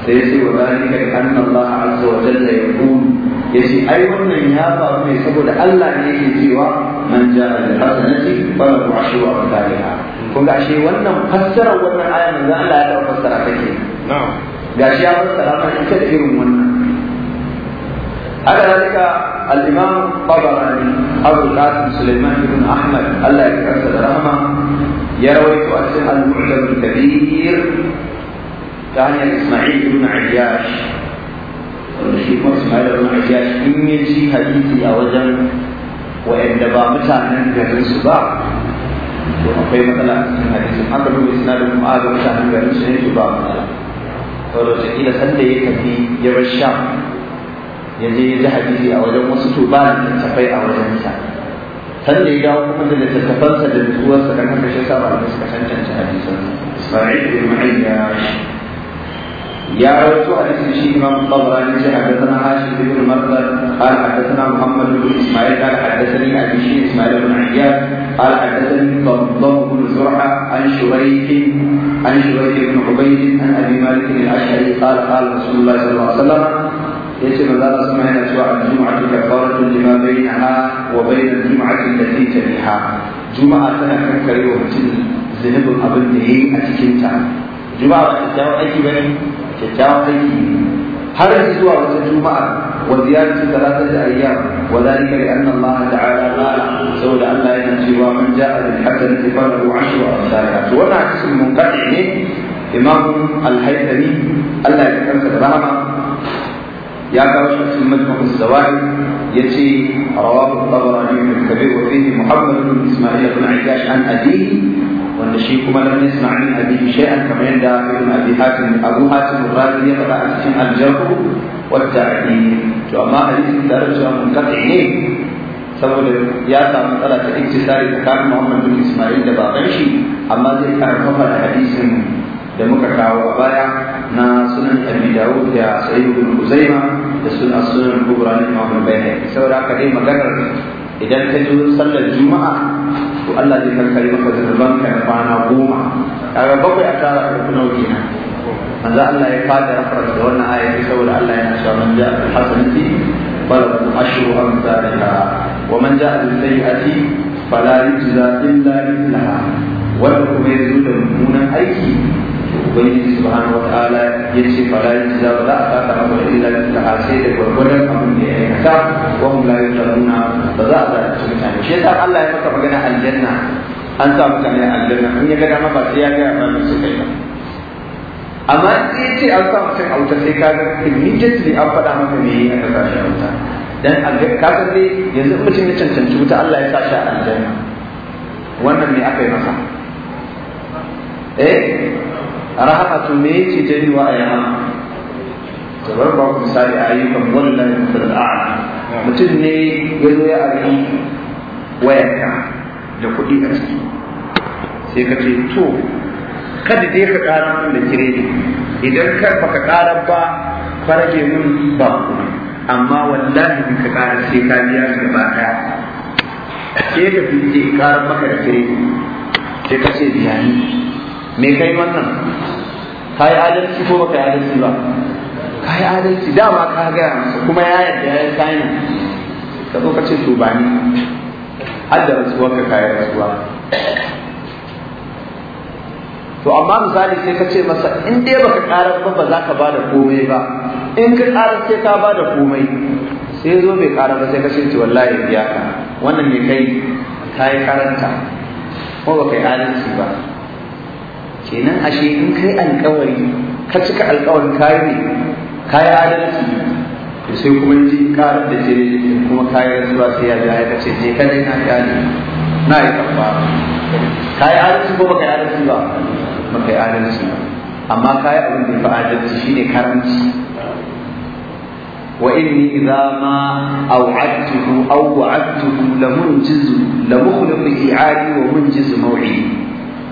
sai ya ce wa zalika anna Allah azza wa jalla ya ya ce ai wannan ya faru ne saboda Allah ne yake cewa man ja'a bil hasanati falahu ashru amsalha kun ga shi wannan fassara wannan aya manzo Allah ya da fassara take na'am gashi ya fassara ta ita da irin wannan haka zalika al-imam tabarani abu qasim sulaiman ibn ahmad Allah ya karsa da rahama ya rawaito a cikin al-mu'jam al-kabir ta hanyar isma'il ibn ayyash wanda shi kuma isma'il ibn ayyash in ya ji hadisi a wajen wa'anda ba mutanen garin su ba to akwai matsala a cikin hadisin haka ne su ba sanda ya tafi ya bar ya je zahabi a wajen wasu to ba littattafai a wajen sa san da ya dawo kuma da sa da sa kan kashe sa ba da suka cancanta hadisan Isma'il ibn Ayyash يا رسول حديث الشيخ امام الطبراني حدثنا هاشم بن المردد قال حدثنا محمد بن اسماعيل قال حدثني ابي شيخ اسماعيل بن عياد قال حدثني ضمضم بن زرعه عن شريك عن شريك بن عبيد عن ابي مالك الاشعري قال قال رسول الله صلى الله عليه وسلم yace manzo Allah sama yana cewa al-jum'atu kafaratu lima bainaha wa bain al-jum'ati allati taliha juma'a tana kankare wa mutum zunubin abin da yayi a cikin ta juma'a ba kyakkyawan aiki bane kyakkyawan aiki har zuwa wata juma'a wa ziyaratu thalathati ayyam wa dhalika li anna Allah ta'ala qala saboda Allah yana cewa man ja'a bil hasanati falahu ashru ne imam Allah ya kansa da يا كاوش في مجمع الزوائد يتي رواه الطبراني الكبير وفيه محمد بن اسماعيل بن عكاش عن ابيه وان شيكما لم يسمع عن ابيه شيئا كما يندى ابي حاتم ابو حاتم الرازي يقرا عن الجرح والتعديل وما حديث درجه منقطعين saboda ya samu matsala ta iktisari tsakanin Muhammad bin Ismail da babanshi amma zai karfafa da hadisin da muka kawo a baya na sunan abi dawud da sahih ibn uzaima da sunan sunan kubra na imam bayhaqi saboda haka dai maganar idan ka ji sallar juma'a to Allah zai karkare maka zunuban ka na kwana goma kaga bakwai a tara da kuma kenan manzo Allah ya fada rafar da wannan ayati saboda Allah yana cewa man ja'a bil hasanati falahu ashru amsalha wa man ja'a bil sayyi'ati fala yujza illa mithlaha wanda kuma ya zo da mummunan aiki ubangiji subhanahu wa ta'ala ya ce fala ba za a ta ta ila da ta hasi da gurgurdan abin da ya yi aikata wa hum ta nuna ba za a cikin tani. shi yasa Allah ya maka magana aljanna an sa mutane aljanna in ya ga dama ba sai ya ga ba su kai ba amma sai ya ce an sa mutum a wuta sai ka ga immediately an faɗa maka me ya kasa shi a wuta dan ka ga dai yanzu mutum ya cancanci wuta Allah ya sa shi a aljanna wannan me aka yi masa eh rahmatu me yake jari wa ayyama kamar ba ku misali a ayyukan wallahi mutul a'la mutum ne ya zo ya abi wayarka da kuɗi a ciki sai ka ce to kada dai ka ƙara mun da kiredi idan kar ka ƙara ba farage mun ba amma wallahi in ka ƙara sai ka biya ka ba ɗaya sai ka fi ƙara maka da kiredi sai ka ce biya ni me kai wannan ka yi adalci ko baka yi adalci ba ka yi adalci dama ka gaya masa kuma ya yadda ya yi kayan ka zo ka ce to ba ni har da rasuwar ka kayan rasuwa to amma misali sai ka ce masa in dai baka karar ba ba za ka ba da komai ba in ka karar sai ka ba da komai sai zo bai kara ba sai ka ce wallahi biya ka wannan ne kai ka yi karanta ko baka yi adalci ba kenan ashe in kai alkawari ka cika alkawarin kayi ne kayi adalci to sai kuma ji karar da je kuma kayi rasuwa sai ya ja ya ce je ka dai na kyale na yi kafa kayi adalci ko baka yi adalci ba baka yi adalci amma kayi abin da fa adalci shine karanci وإني إذا ما أوعدته أو وعدته لمنجز لمخلف إيعادي ومنجز موعدي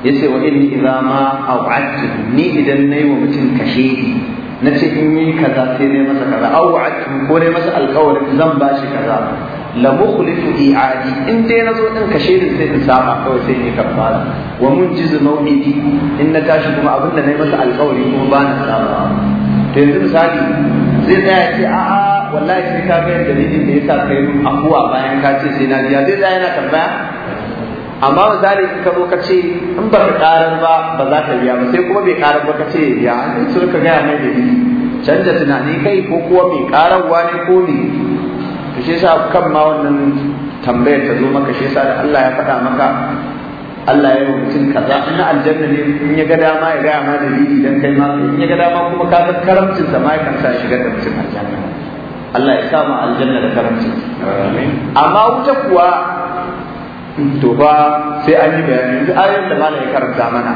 Ya yace wa inni idza ma au'adtu ni idan nayi wa mutum kashe na ce in yi kaza sai dai masa kaza au'adtu ko dai masa alƙawarin zan ba shi kaza la mukhlifu i'adi in dai nazo din kashe din sai in saba kawai sai ni kafara wa munjizu maw'idi in na tashi kuma abin da nayi masa alƙawari kuma ba na saba to yanzu misali zai tsaya ce a'a wallahi sai ka ga dalilin da yasa kai afuwa bayan ka ce sai na biya zai tsaya yana tambaya amma misali in ka zo ka ce in ba ka karar ba ba za ka biya ba sai kuma bai karar ba ka ce ya an so ka gaya mai da ni canza tunani kai ko kuwa mai kararwa ne ko ne ka shi sa kan ma wannan tambayar ta zo maka shi sa da Allah ya faɗa maka Allah ya yi mutum kaza ina aljanna ne in ya ga dama ya gaya ma da ni idan kai ma in ya ga dama kuma ka san karamcin sa ma ya kan sa shigar da mutum aljanna Allah ya sa ma aljanna da karamcin amma wuta kuwa to ba sai an yi bayani yanzu ayoyin da malam ya karanta mana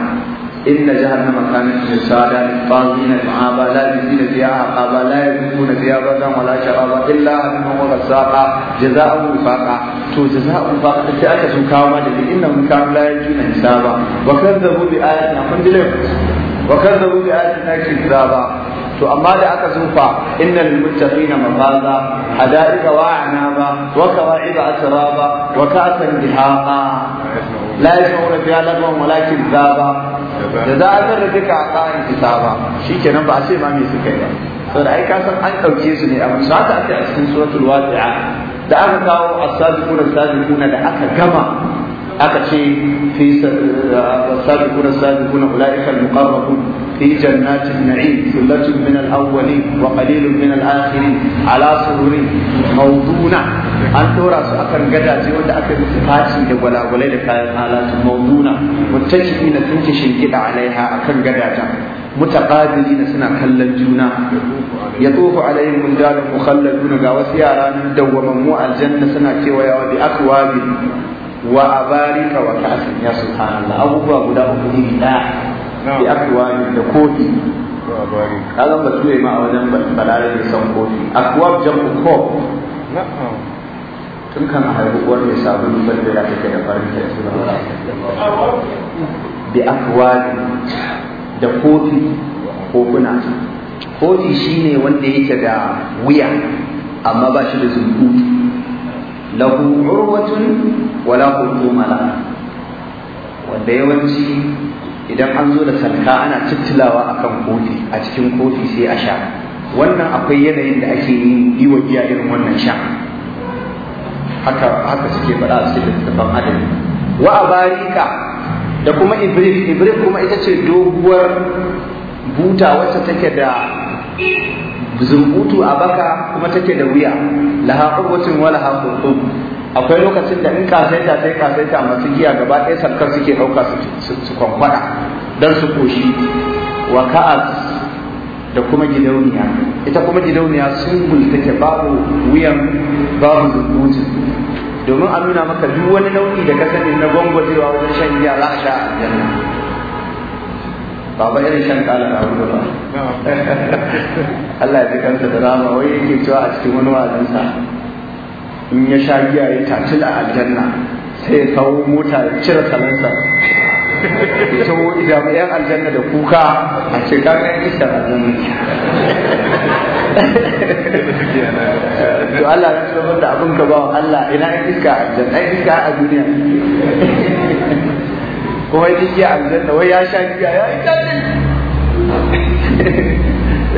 inna jahannama kanat mirsada lil baghin al ma'aba la yuzina fiha aqaba la yuzuna fiha badan wala sharaba illa annahu wa rasaqa jazaa'u wifaqa to jazaa'u wifaqa sai aka so kawo mana da innahum kanu la yuzuna hisaba wa to amma da aka zufa innal muttaqina mafaza hadaika wa anaba wa kawa'iba atraba wa ka'san dihaqa la yashuruna biha lagwan walakin zaba da za a zarrafe a tsarin kitaba shikenan ba sai ma me suka yi ba saboda ai ka san an ɗauke su ne a musu haka ake a cikin suratul waqi'a da aka kawo as-sabiquna as-sabiquna da aka gama aka ce fi eh, as-sabiquna as-sabiquna ulaika al-muqarrabun في جنات النعيم ثلة من الأولين وقليل من الآخرين على سرور موضونة an ɗora su akan gadaje wanda aka yi faci da gwalagwalai da kayan alatu mauduna muttaki na sun ki shingida alaiha akan gadajen mutaqabilina suna kallon juna ya tsofa alayhim mundalan mukhalladuna ga wasu yara nan dawwamammu aljanna suna kewayawa bi akwabi wa abarika wa ka'sin ya subhanallah abubuwa guda uku iri ɗaya bi akwai da kofi kaga ba su ma a wajen balare da san kofi akwai jamu ko tun kan a haihu uwar mai sabon banda ya take da farin ta su bi akwai da kofi kofuna kofi shine wanda yake da wuya amma ba shi da zumbu lahu urwatun wala hukuma wanda yawanci idan an zo da sarka ana a akan kofi a cikin kofi sai a sha wannan akwai yanayin da ake yi wa giya irin wannan sha haka haka suke faɗa a cikin littattafan adadi wa abarika da kuma ibrif ibrif kuma ita ce doguwar buta wacce take da zumbutu a baka kuma take da wuya laha qurbatun wa laha akwai lokacin da in kasaita sai kasaita masu giya gaba ɗaya sankar suke ɗauka su kwankwada don su koshi wa ka'ad da kuma gidauniya ita kuma gidauniya singul take babu wuyan babu zubutun domin a nuna maka duk wani nau'i da ka sani na gwangwajewa wajen shan giya za a sha a janna irin shan kala na wuri ba Allah ya fi kansa da rama wai yake cewa a cikin wani wazinsa in ya sha giya ya tafi da aljanna sai ya kawo mota ya cire talansa ya tawo jami'an aljanna da kuka a ce kagan isa aljanna to Allah ya tabbatar da abin ka ba Allah ina iska aljanna iska a duniya ko wai ya aljanna wai ya sha giya ya yi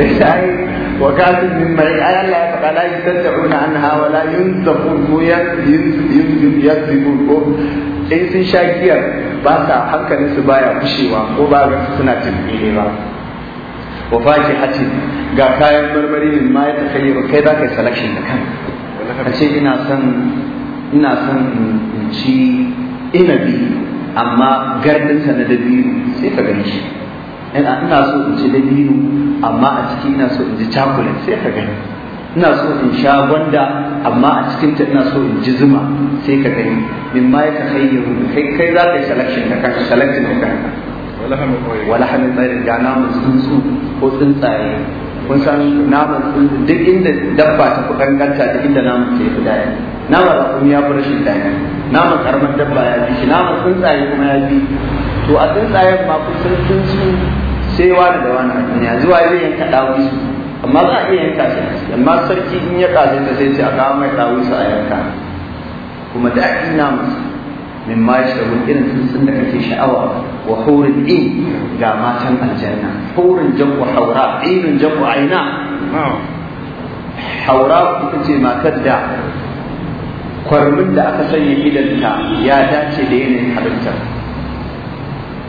ai wa kafin min mai ai Allah ya faɗa la yastad'una anha wa la yunzafun ko yunzifun ko in sun sha giyar ba sa hankalin su baya kushewa ko ba ga suna tilbire ba wa fakihatin ga kayan marmari min ma ya takhayyaru kai za ka yi selection da kanka ka ce ina son ina son in ci inabi amma gardinsa na dabino sai ka gani ina so in ci dabino amma a ciki ina so in ji chocolate sai ka gani ina so in sha gwanda amma a cikin ta ina so in ji zuma sai ka gani min ma ka hayyaru kai kai za ka yi selection da kanka selection ka kanka wala hamin tsari ga namu tsuntsu ko tsuntsaye kun san namu tsuntsu duk inda dabba ta fi danganta duk inda namun ta fi daya namun rakumi ya fi rashin daya Namu karamar dabba ya fi shi namu tsuntsaye kuma ya fi to a tsuntsayen ma kun san tsuntsu sai wani da wani a duniya zuwa zai yanka ɗawisu amma za a iya yanka shi amma sarki in ya kaje ta sai ce a kawo mai ɗawisu a yanka kuma da ina musu min ma ya shagun irin sun da kake sha'awa wa hurin in ga matan aljanna hurin jan haura irin jan aina haura kuka ce matar da kwarmin da aka sanya idanta ya dace da yanayin halittar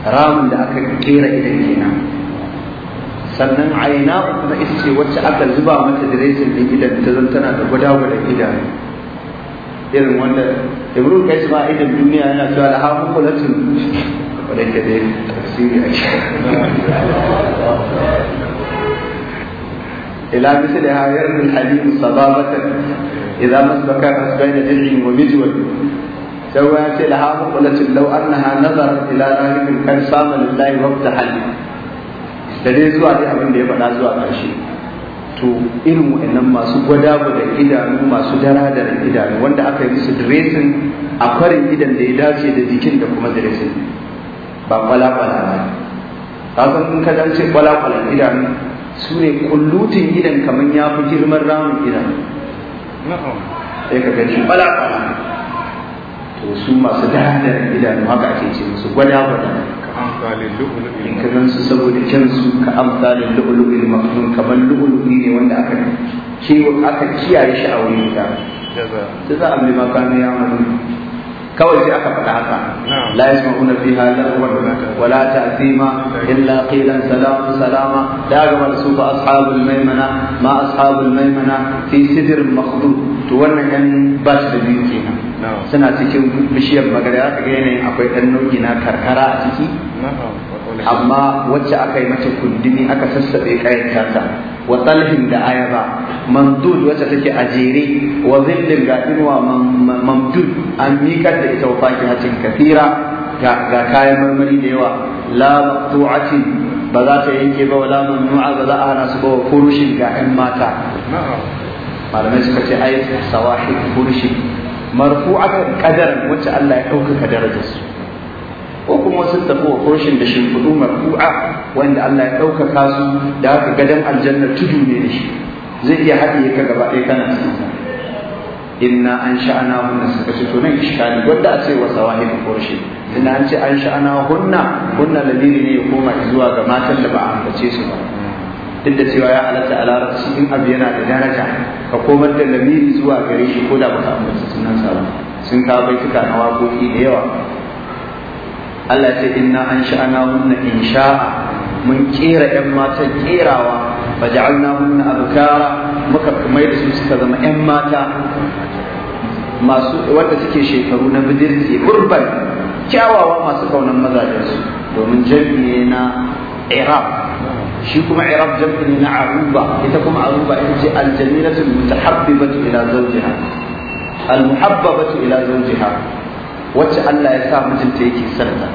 ramin da aka kera idan kenan sannan aina na isce wacce aka zuba mata diresin din idan ta zan tana da gwada-gwada ida irin wanda ibrun kai shi ba idan duniya yana cewa da hafu kulatun wadda ke da tafsiri a shi ila misali hayar min halimu sababatan idan masbaka masbaina jirgin wa mijwal sai ya ce da hafu kulatun law annaha nazar ila rahimin kan sama lillahi wa ta halimu da dai zuwa dai abin da ya faɗa zuwa ƙarshe to irin wa'annan masu gwada da idanu masu dara da idanu wanda aka yi musu dressing a farin idan da ya dace da jikin da kuma dressing ba kwalakwala ba kasan in ka dace kwalakwala idanu su ne kullutin idan kamar ya fi girman ramin idan sai ka gani kwalakwala to su masu dara da idanu haka ake ce musu gwada gwada in ka gansu saboda kyansu ka amsalin lu'ulu'il maknun kamar lu'ulu'i ne wanda aka kiwo aka kiyaye shi a wurin ta ta za a mai maka ne ya kawai sai aka faɗa haka la yasma'una fiha lahwan wala ta'thima illa qilan salamu salama da ga mal sufa ashabul maimana ma ashabul maimana fi sidr makhdud to wannan yan bashi da biyu kenan suna cikin bishiyar magariya ka ga yanayin akwai ɗan nauyi na karkara a ciki amma wacce aka yi mata kundini aka sassabe kayan tata wa talhin da ayaba mamdud wacce take a jere wa zillin ga inuwa mamdud an miƙar da ita wa hacin kafira ga kayan marmari da yawa la maqtu'atin ba za ta yanke ba wala mamnu'a ba za a hana su ba wa furushin ga 'yan mata malamai suka ce ai sawahi furushi marfu'atan qadar wacce Allah ya ɗaukaka darajar su ko kuma sun tafi wa koshin da shimfiɗu marfu'a wanda Allah ya ɗaukaka su da haka gadon aljanna tudu ne da shi zai iya haɗiye ka gaba ɗaya kana cikin inna an sha'ana hunna suka ce to nan ishkali wanda a ce wa sawahib kurshin ina an ce an sha'ana hunna hunna ladiri ne ya koma zuwa ga matan da ba a ambace su ba duk da cewa ya halatta a larabci in abu yana da daraja ka komar da lamiri zuwa gare shi ko da baka ambaci sunan sa ba sun kawo baituka na waƙoƙi da yawa Allah ce inna an sha'ana hunna in sha'a mun kera yan matan kerawa fa ja'alna hunna abkara muka mai da su suka zama yan mata masu wanda suke shekaru na bidirci gurban kyawawa masu kaunan mazajensu domin jami'ai na iraq shi kuma iraq jam'i na aruba ita kuma aruba ita ce aljamilatu mutahabbibatu ila zawjiha almuhabbabatu ila zawjiha wacce Allah ya sa mijinta yake sarta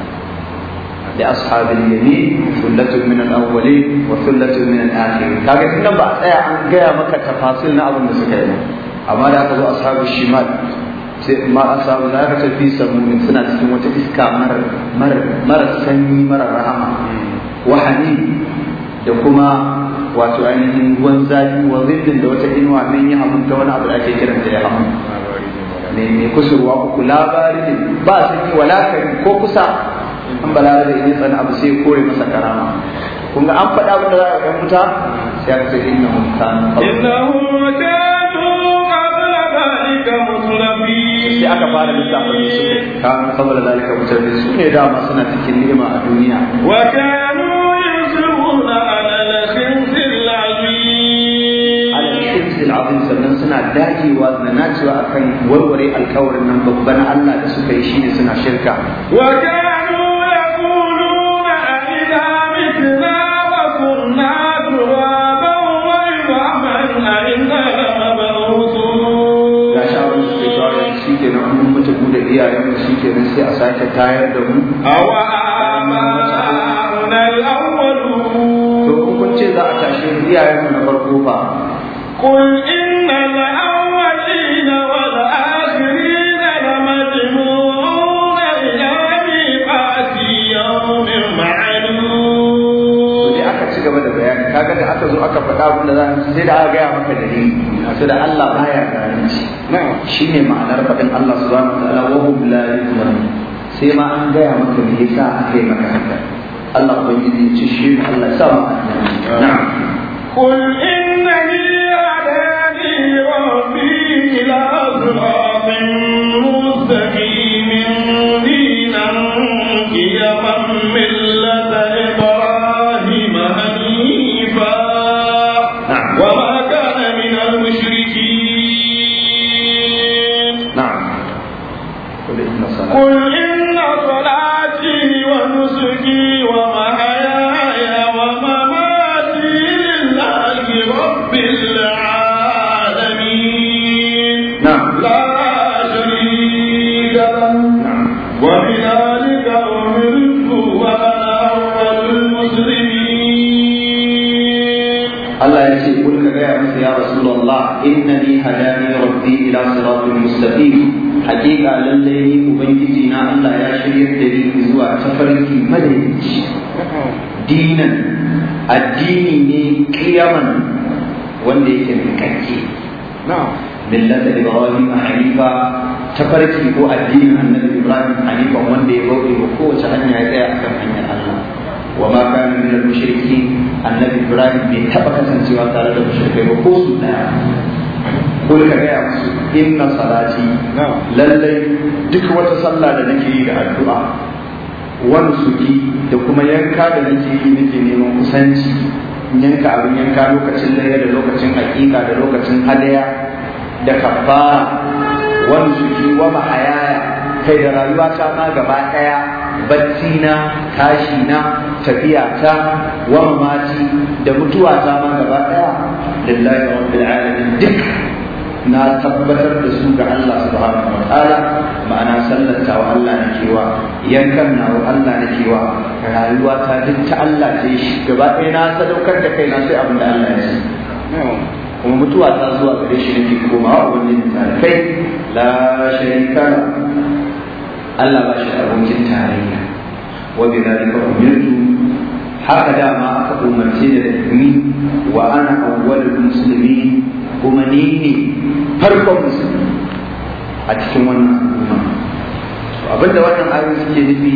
da ashabin yamin sullatun min al-awwalin wa sullatun min al-akhirin kaga tun ba tsaya an gaya maka tafasil na abin da suka yi amma da aka zo ashabu shimal sai ma ashabu da aka tafi samu suna cikin wata iska mara mara sanyi mara rahama wa da kuma wato ainihin ruwan zafi wa zindin da wata inuwa min yi hamun wani abu da ake kiran da ya hamu ne mai kusurwa uku labarin ba sanyi wala kari ko kusa an balara da yi tsana abu sai kore masa karama kun ga an faɗa abin da za a ɗan wuta sai aka ce innahum kanu innahum kanu sai aka fara lissafa su ne kan saboda zalika mutane su ne dama suna cikin nema a duniya wa kanu yusiruna ala al-khinzil azim al-khinzil azim sannan suna dagewa da nacewa akan warware alkawarin nan babban Allah da suka yi shine suna shirka wa kanu iyayenmu shi ke kenan sai a sake tayar da mu awa amanal awwalu to kun ce za a tashi iyayenmu na farko fa qul innal awwalina wal akhirina lamajmu'una ila miqati yawmin ma'lum sai aka ci gaba da bayani kaga da aka zo aka faɗa abin da za sai da aka gaya maka dalili to da Allah baya garanti ne ma'anar faɗin Allah subhanahu wa ta'ala wa hum la sai ma an gaya maka me yasa aka yi maka haka Allah ubangiji ya ci shi Allah ya sa na na'am قل إنني هداني ربي إلى صراط إني هداني ربي إلى صراط مستقيم حقيقة للي أبنجزنا الله يا شريك دليل إزواء تفرقي مدد دينا الديني قيما wanda yake rikakke millata ibrahim hanifa tafarki ko addinin annabi ibrahim hanifa wanda ya bauɗe wa kowace hanya ya tsaya akan hanyar allah wa ma kana min al-mushriki annabi ibrahim bai taba kasancewa tare da mushrikai ba ko su daya gaya Lallai duk wata sallah da nake yi da addu'a, wani suki da kuma yanka da nake yi nake neman kusanci yanka abin yanka lokacin laya da lokacin hakika da lokacin hadaya da kabbara wani suki wa mahayaya kai da rayuwa ta ma gaba daya bacci na tashi na tafiya ta wa mamaci da mutuwa ta ma gaba daya lillahi rabbil na tabbatar da su ga Allah subhanahu wa ta'ala ma'ana sallanta wa Allah nake wa yankan na wa Allah na kewa, rayuwa ta duk ta Allah ce shi gaba ɗaya na sadaukar da kaina sai abin da Allah ya ce kuma mutuwa ta zuwa gare shi nake komawa ubangiji talibai la sharika Allah ba shi abokin tarayya wa bi zalika umirtu haka dama aka umarce da ni wa ana awwalul muslimin kuma ni ne farkon musulmi a cikin wannan al'umma abinda wannan ayoyi suke nufi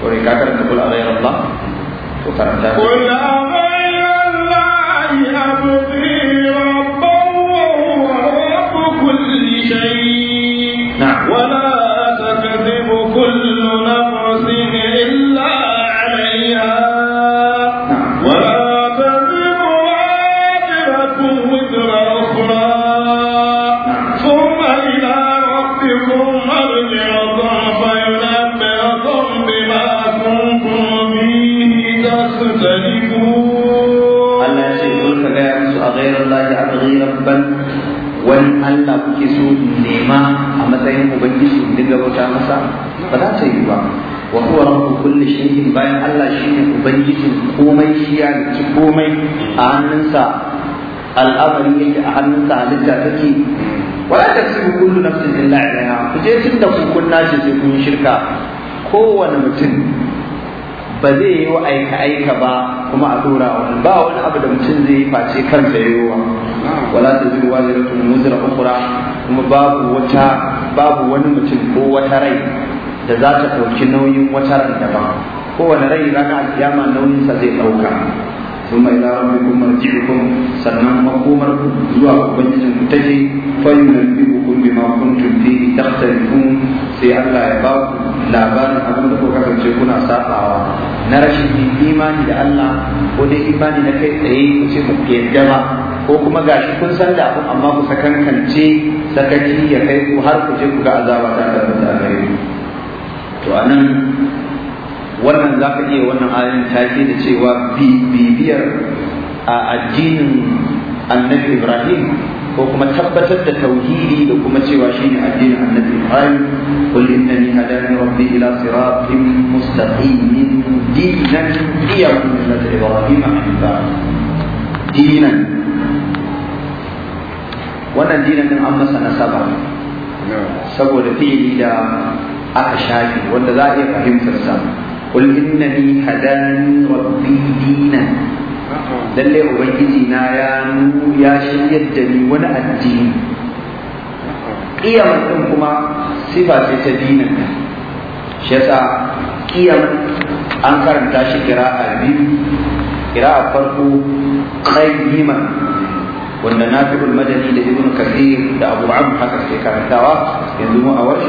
to ne ka karanta kula a Allah to karanta kula Allah kuke so nema a matsayin ubangiji in dinga bauta masa ba za ta yi ba wa huwa rabbu kulli shay'in bayan Allah shine ubangijin komai shi ya ci komai a hannunsa al'amari yake a hannunsa halitta take la tasibu kullu nafsin illa ilaiha ku je tun da ku kunna shi sai kun shirka kowane mutum ba zai yi wa aika aika ba kuma a dora wani ba wani abu da mutum zai yi face kansa yayi Wala sai zai wara yanzu in wuce raba kura kuma babu wani mutum ko wata rai da za ta ɗauki nauyin wata rina ba kowanne rai na ajiya ma nauninsa zai ɗauka. So ma ina rauni ko mara jibi zuwa ubanginsa ta ke farin rikon-ginkon jima'a ko mutum sai Allah ya ba ku. Labarin abin da kuka kan kuna safawa na rashidi, ni da Allah ko dai ni na kai tsaye mu ce muke gama. ko kuma ga shi kun san da abun amma ku sakankance sakaki ya kai ku har ku je ku ga azaba ta tabbata ta gare ku to anan wannan za ka iya wannan ayoyin take da cewa bibiyar a addinin annabi ibrahim ko kuma tabbatar da tauhidi da kuma cewa shine addinin annabi ibrahim kul innani hadani rabbi ila siratin mustaqimin dinan qiyam millata ibrahim hanifa dinan wannan dinin din an masa nasaba saboda fili da aka shafi wanda za a iya fahimtar sa qul innani hadani rabbi dinan lalle ubangiji na ya ya shiryar da ni wani addini kiyamar din kuma sifa ce ta dinin shi yasa kiyamar an karanta shi kira'a biyu kira'a farko qayyiman وان نافع المدني لابن كثير لابو عمرو حتى في كارثرا يندم اوش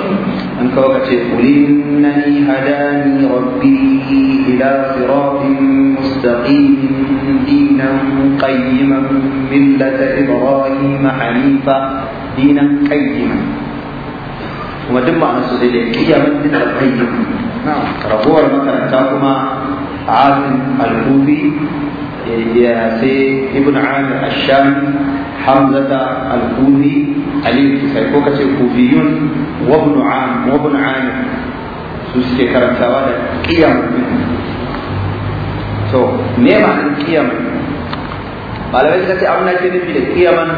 ان كوكت قل انني هداني ربي الى صراط مستقيم دينا قيما مله ابراهيم حنيفا دينا قيما وما دم عن السجود هي مدينه قيم نعم ربوها المكان تاكما عاصم الكوفي sai ibn amir الشام حمزة al علي ali sai ko kace kufiyun wa ibn am wa karantawa da qiyam to me ma'anar malamai ke nufi da qiyaman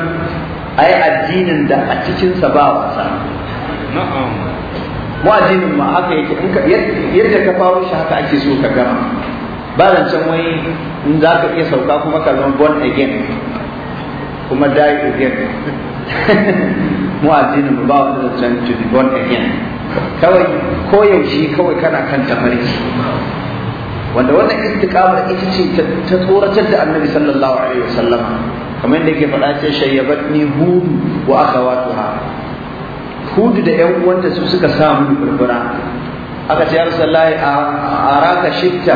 ai addinin da a cikinsa ba wasa mu ma yake yadda ka faru shi haka ake so ka gama ba zancen wani in za ka iya sauka kuma ka zama born again kuma die again mu mu ba wani zancen to be born again kawai koyaushe kawai kana kan tafarki wanda wannan istiqamar ita ce ta tsoratar da annabi sallallahu alaihi wasallam kamar yadda yake faɗa ce shayyabatni hudu wa akhawatuha Hudu da ƴan uwanta su suka samu burbura aka ce ya rasulullahi raka shitta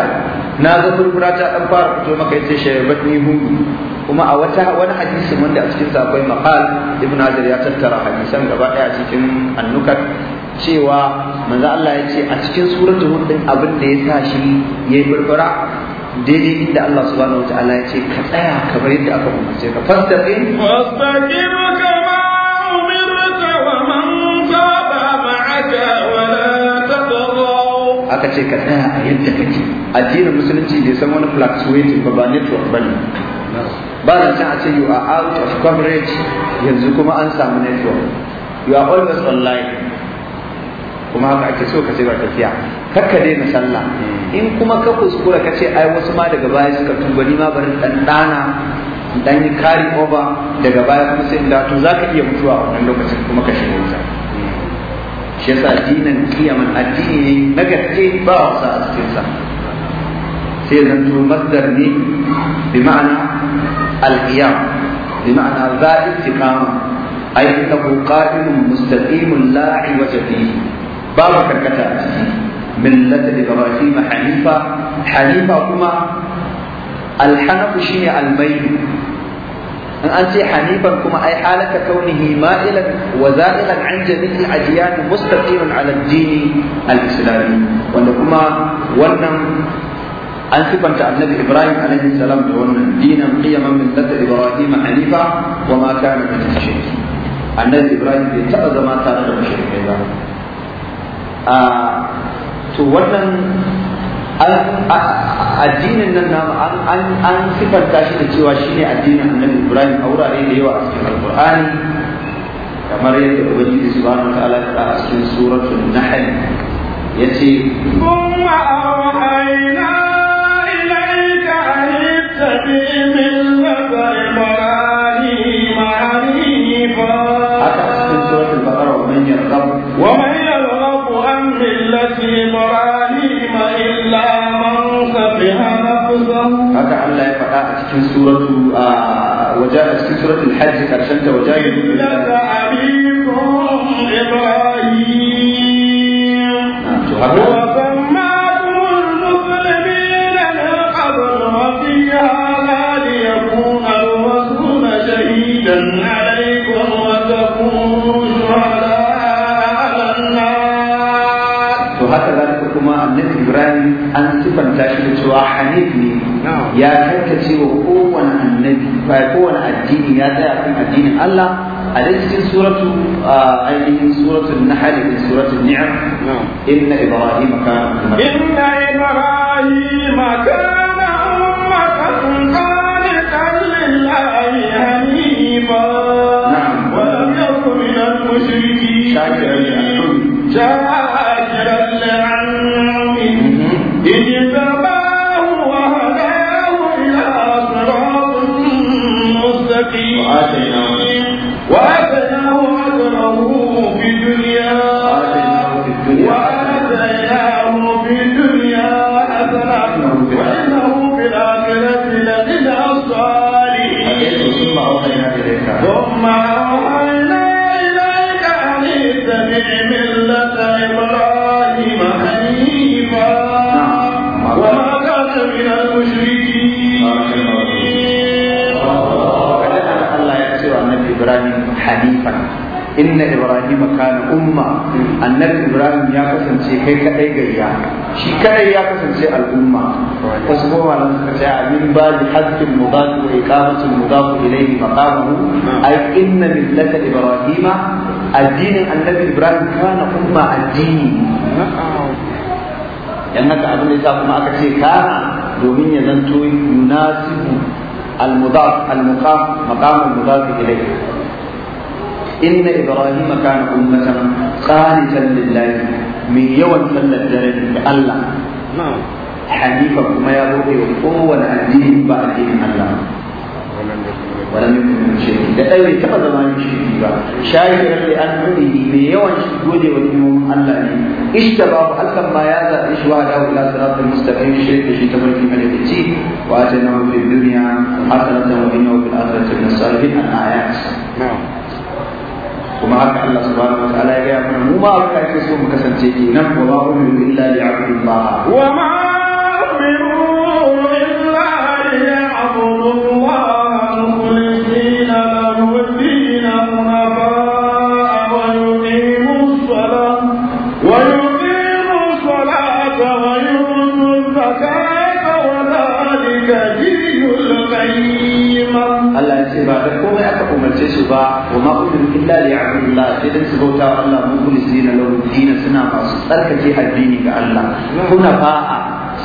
na ga furfura ta dan fara fito maka yace shaybat ni kuma a wata wani hadisi wanda a cikin sa akwai maqal ibnu hajar ya tattara hadisan gaba daya cikin annukat cewa manzo Allah ya ce a cikin suratul hud din abin da ya sa shi yayi furfura daidai inda Allah subhanahu wataala ya ce ka tsaya kamar yadda aka umarce ka fastaqim fastaqim kama umirta wa man taba ma'aka aka ce ka tsaya a yadda kake addinin musulunci bai san wani fluctuating ba ba network ba ne ba da can a ce you are out of coverage yanzu kuma an samu network you are always online kuma haka ake so ka ce ba tafiya kakka na sallah in kuma ka kuskura ka ce ai wasu ma daga baya suka tuba ni ma bari dan dana dan yi carry over daga baya kuma sai da to zaka iya mutuwa wannan lokacin kuma ka shiga wuta shi yasa addinin kiyaman addini ne na gaske ba wasa a cikinsa sai zanto masdar ne bi ma'ana al-qiyam bi ma'ana za istiqama ay innahu qa'imun mustaqimun la iwaja fihi babu karkata millata ibrahim hanifa hanifa kuma al-hanaf shine al-bayt in an ce hanifan kuma ai halaka kaunihi ma'ilan wa za'ilan an jami'il adiyan mustaqiman ala dini al-islami wanda kuma wannan an sifanta annabi ibrahim alaihi salam da wannan dinan qiyaman min ladda ibrahim hanifa wa ma kana min shirki annabi ibrahim bai taɓa zama tare da mushrikai ba ah, to wannan addinin nan na an an sifanta shi da cewa ne addinin annabi Ibrahim a wurare da yawa a cikin Alƙur'ani kamar yadda Ubangiji subhanahu wa ta'ala ya a cikin suratul Nahl yace kuma awhayna cikin suratu a waje a cikin suratu hajji karshen ta wajen yi Ibrahim Ibrahim an sifanta shi da cewa Hanif ne ya tantace wa فيكون الدين هذا يقيم الدين ألا أليس في سورة آه سورة النحل في سورة النعم نعم إن إبراهيم كان إن إبراهيم كان أمة خالقا لله حنيفا نعم ولم يكن من المشركين شاكرا شاكرا لعن What? ibrahim hanifan inna ibrahim kana umma annabi ibrahim ya kasance kai kadai gayya shi kadai ya kasance al'umma wasu mawalan suka ce amin ba li mudaf wa mudaf ilayhi ay inna millata ibrahim addinin annabi ibrahim kana umma addini dan haka abin da kuma aka ce kana domin ya zanto yunasibu al إن إبراهيم كان أمة خالصا لله من يوم فل الدرج نعم. الله حنيفا كما يروي وقوة الدين بعد الله ولم يكن من شيء لا أي كما زمان شيء بقى شاعر لأن مني بيوان شدود وديوم الله اشتباه هل كما يازا اشواء له لا صراط المستقيم الشيخ في تمر في ملك الجيل وآتيناه في الدنيا حسنة وإنه في الآخرة من الصالحين الآيات نعم kuma haka Allah subhanahu wa ya gaya mana mu ma abin da ake so mu kasance kenan wa ma umiru illa li'abdillah wa ma umiru komai aka umarce su ba wa ma umiru illa li sai su bauta wa Allah mukhlisina lahu dinin suna masu tsarkake addini ga Allah kuna fa'a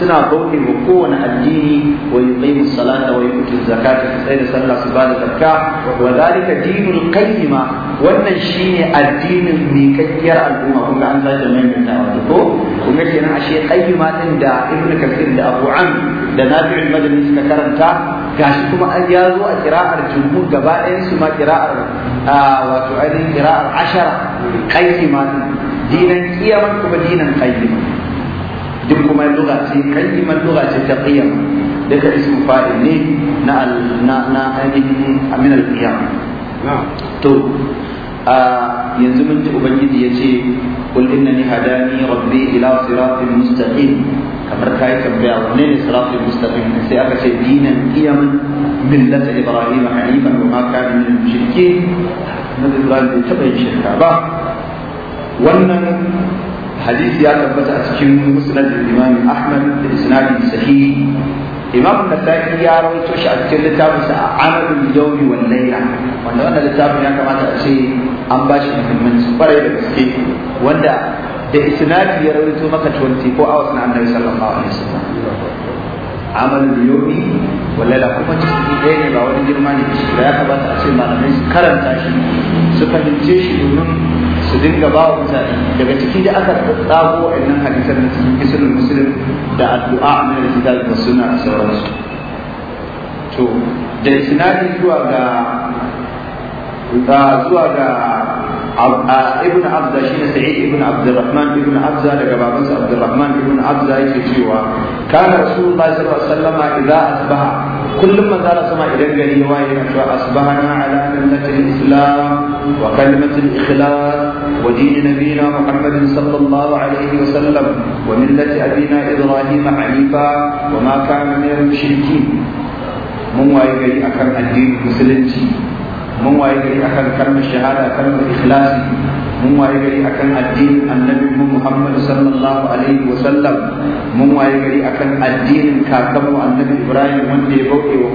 suna bauɗe wa kowane addini wa yuqimu salata wa yutu zakata su tsaya da sallah su bada zakka wa zalika dinul qayyima wannan shine addinin mikakkiyar al'umma kun ga an zaje mai da wato ko kun ga kenan ashe qayyima din da ibnu kafir da abu am da nafi'ul madani suka karanta gashi kuma an ya zo a kira'ar jumu gaba ɗayan su ma kira'ar wato ainihin kira'ar ashara kaisi ma dinan kiyaman kuma dinan kayyima duk kuma lura ce ma lura ce ta qiyam daga ismu fa'il ne na na ainihin amin al-qiyam to yanzu mun ji ubangiji yace qul innani hadani rabbi ila siratin mustaqim kamar ka yi tambaya wanne ne siratul mustaqim sai aka ce dinan qiyam millata ibrahim hanifan wa da min mushrikeen na ibrahim bai taba yin shirka ba wannan hadisi ya tabbata a cikin musnad imam ahmad da isnadin sahih imam nasa'i ya rawaito shi a cikin littafin sa amalul yawmi wal layla wanda wannan littafin ya kamata a ce an ba shi muhimmanci kwarai da gaske wanda da isnadi ya rawaito maka 24 hours na annabi sallallahu alaihi wasallam amal yomi wallahi la kuma cikin dai ne ba wani girma ne da ya kamata a ce malamai su karanta shi su fahimce shi domin su dinga ba wa mutane daga ciki da aka tsago wa'annan hadisan na cikin kisulun musulun da addu'a na da kitab da suna a sauransu to da isnadi zuwa ga zuwa ga ibn abza shine sa'id ibn abdurrahman ibn abza daga babansa abdurrahman ibn abza yake cewa kana rasulullahi sallallahu alaihi wasallam idza asbaha kullum manzo Allah sama idan gari ya waye yana cewa asbahana ala millatil islam wa kalimatil ikhlas wa din nabiyina muhammadin sallallahu alaihi wasallam wa millati abina ibrahim hanifa wa ma kana min mushrikin mun waye gari akan addinin musulunci mun waye gari akan kalmar shahada kalmar ikhlasi mun waye gari akan addinin annabi mu Muhammad sallallahu alaihi wa sallam mun waye gari akan addinin kakanmu annabi Ibrahim wanda ya bauke wa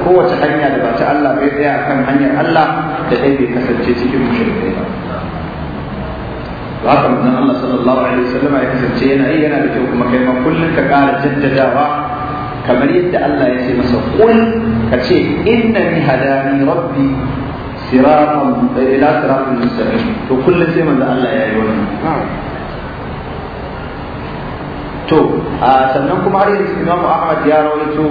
kowace hanya da ba ta Allah bai tsaya akan hanyar Allah da dai bai kasance cikin mushrikai ba haka manzon Allah sallallahu alaihi wa sallama ya kasance yana yi yana da kyau kuma kai ma kullum ka ƙara jaddadawa kamar yadda Allah ya ce masa kul ka ce innani hadani rabbi siratan eh, ila siratin mustaqim to kullum sai manzo Allah ya yi wannan to a sannan kuma har yanzu Imam Ahmad ya rawaito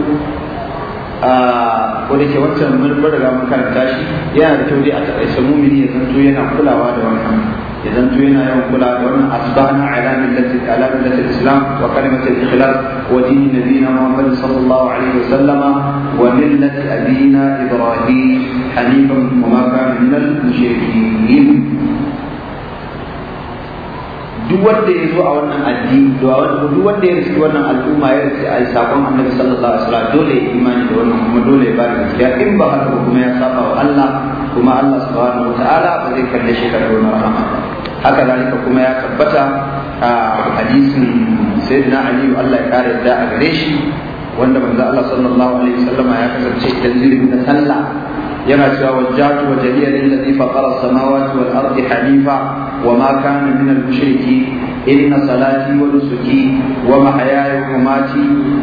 a ke wancan mun riga mun karanta shi yana da kyau dai a taƙaice mumini ya zanto yana kulawa da wannan idan to yana yawan kula da wannan asbahna ala millati ala millati islam wa kalimati al-ikhlas wa dini nabiyina muhammad sallallahu alaihi wasallam wa millati abina ibrahim hanifan duk wanda ya zo a wannan addini duk wanda ya riski wannan al'umma ya riski a sakon annabi sallallahu alaihi wasallam dole ya imani da wannan kuma dole ya bada gaskiya in ba haka kuma ya saba wa Allah kuma Allah subhanahu wataala ba zai kalle shi da wannan rahama haka zalika kuma ya tabbata a hadisin sayyidina Ali Allah ya kare da a gare shi wanda manzo Allah sallallahu alaihi wasallam ya kasance idan zirin da sallah yana cewa wajjatu wa jaliya lillazi fatara samawati wal ardi hanifa wa ma kana min al mushriki inna salati wa nusuki wa mahyaya wa mamati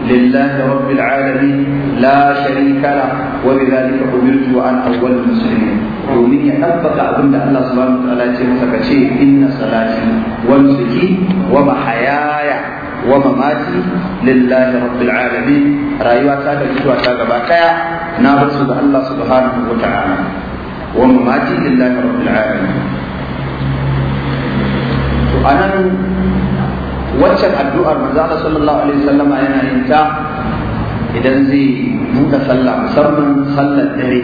lillahi rabbil alamin la sharika la wa bidhalika umirtu wa ana awwalul muslimin domin ya tabbata abinda Allah subhanahu wa ta'ala ya ce masa kace inna salati wa nusuki wa mahyaya wa mamati lillahi rabbil alamin rayuwa ta da mutuwa ta gaba daya na rasu da Allah subhanahu wa ta'ala wa mamati lillahi rabbil alamin to anan waccan addu'ar manzo Allah sallallahu alaihi wasallama yana yin ta idan zai buɗe sallah musamman sallar dare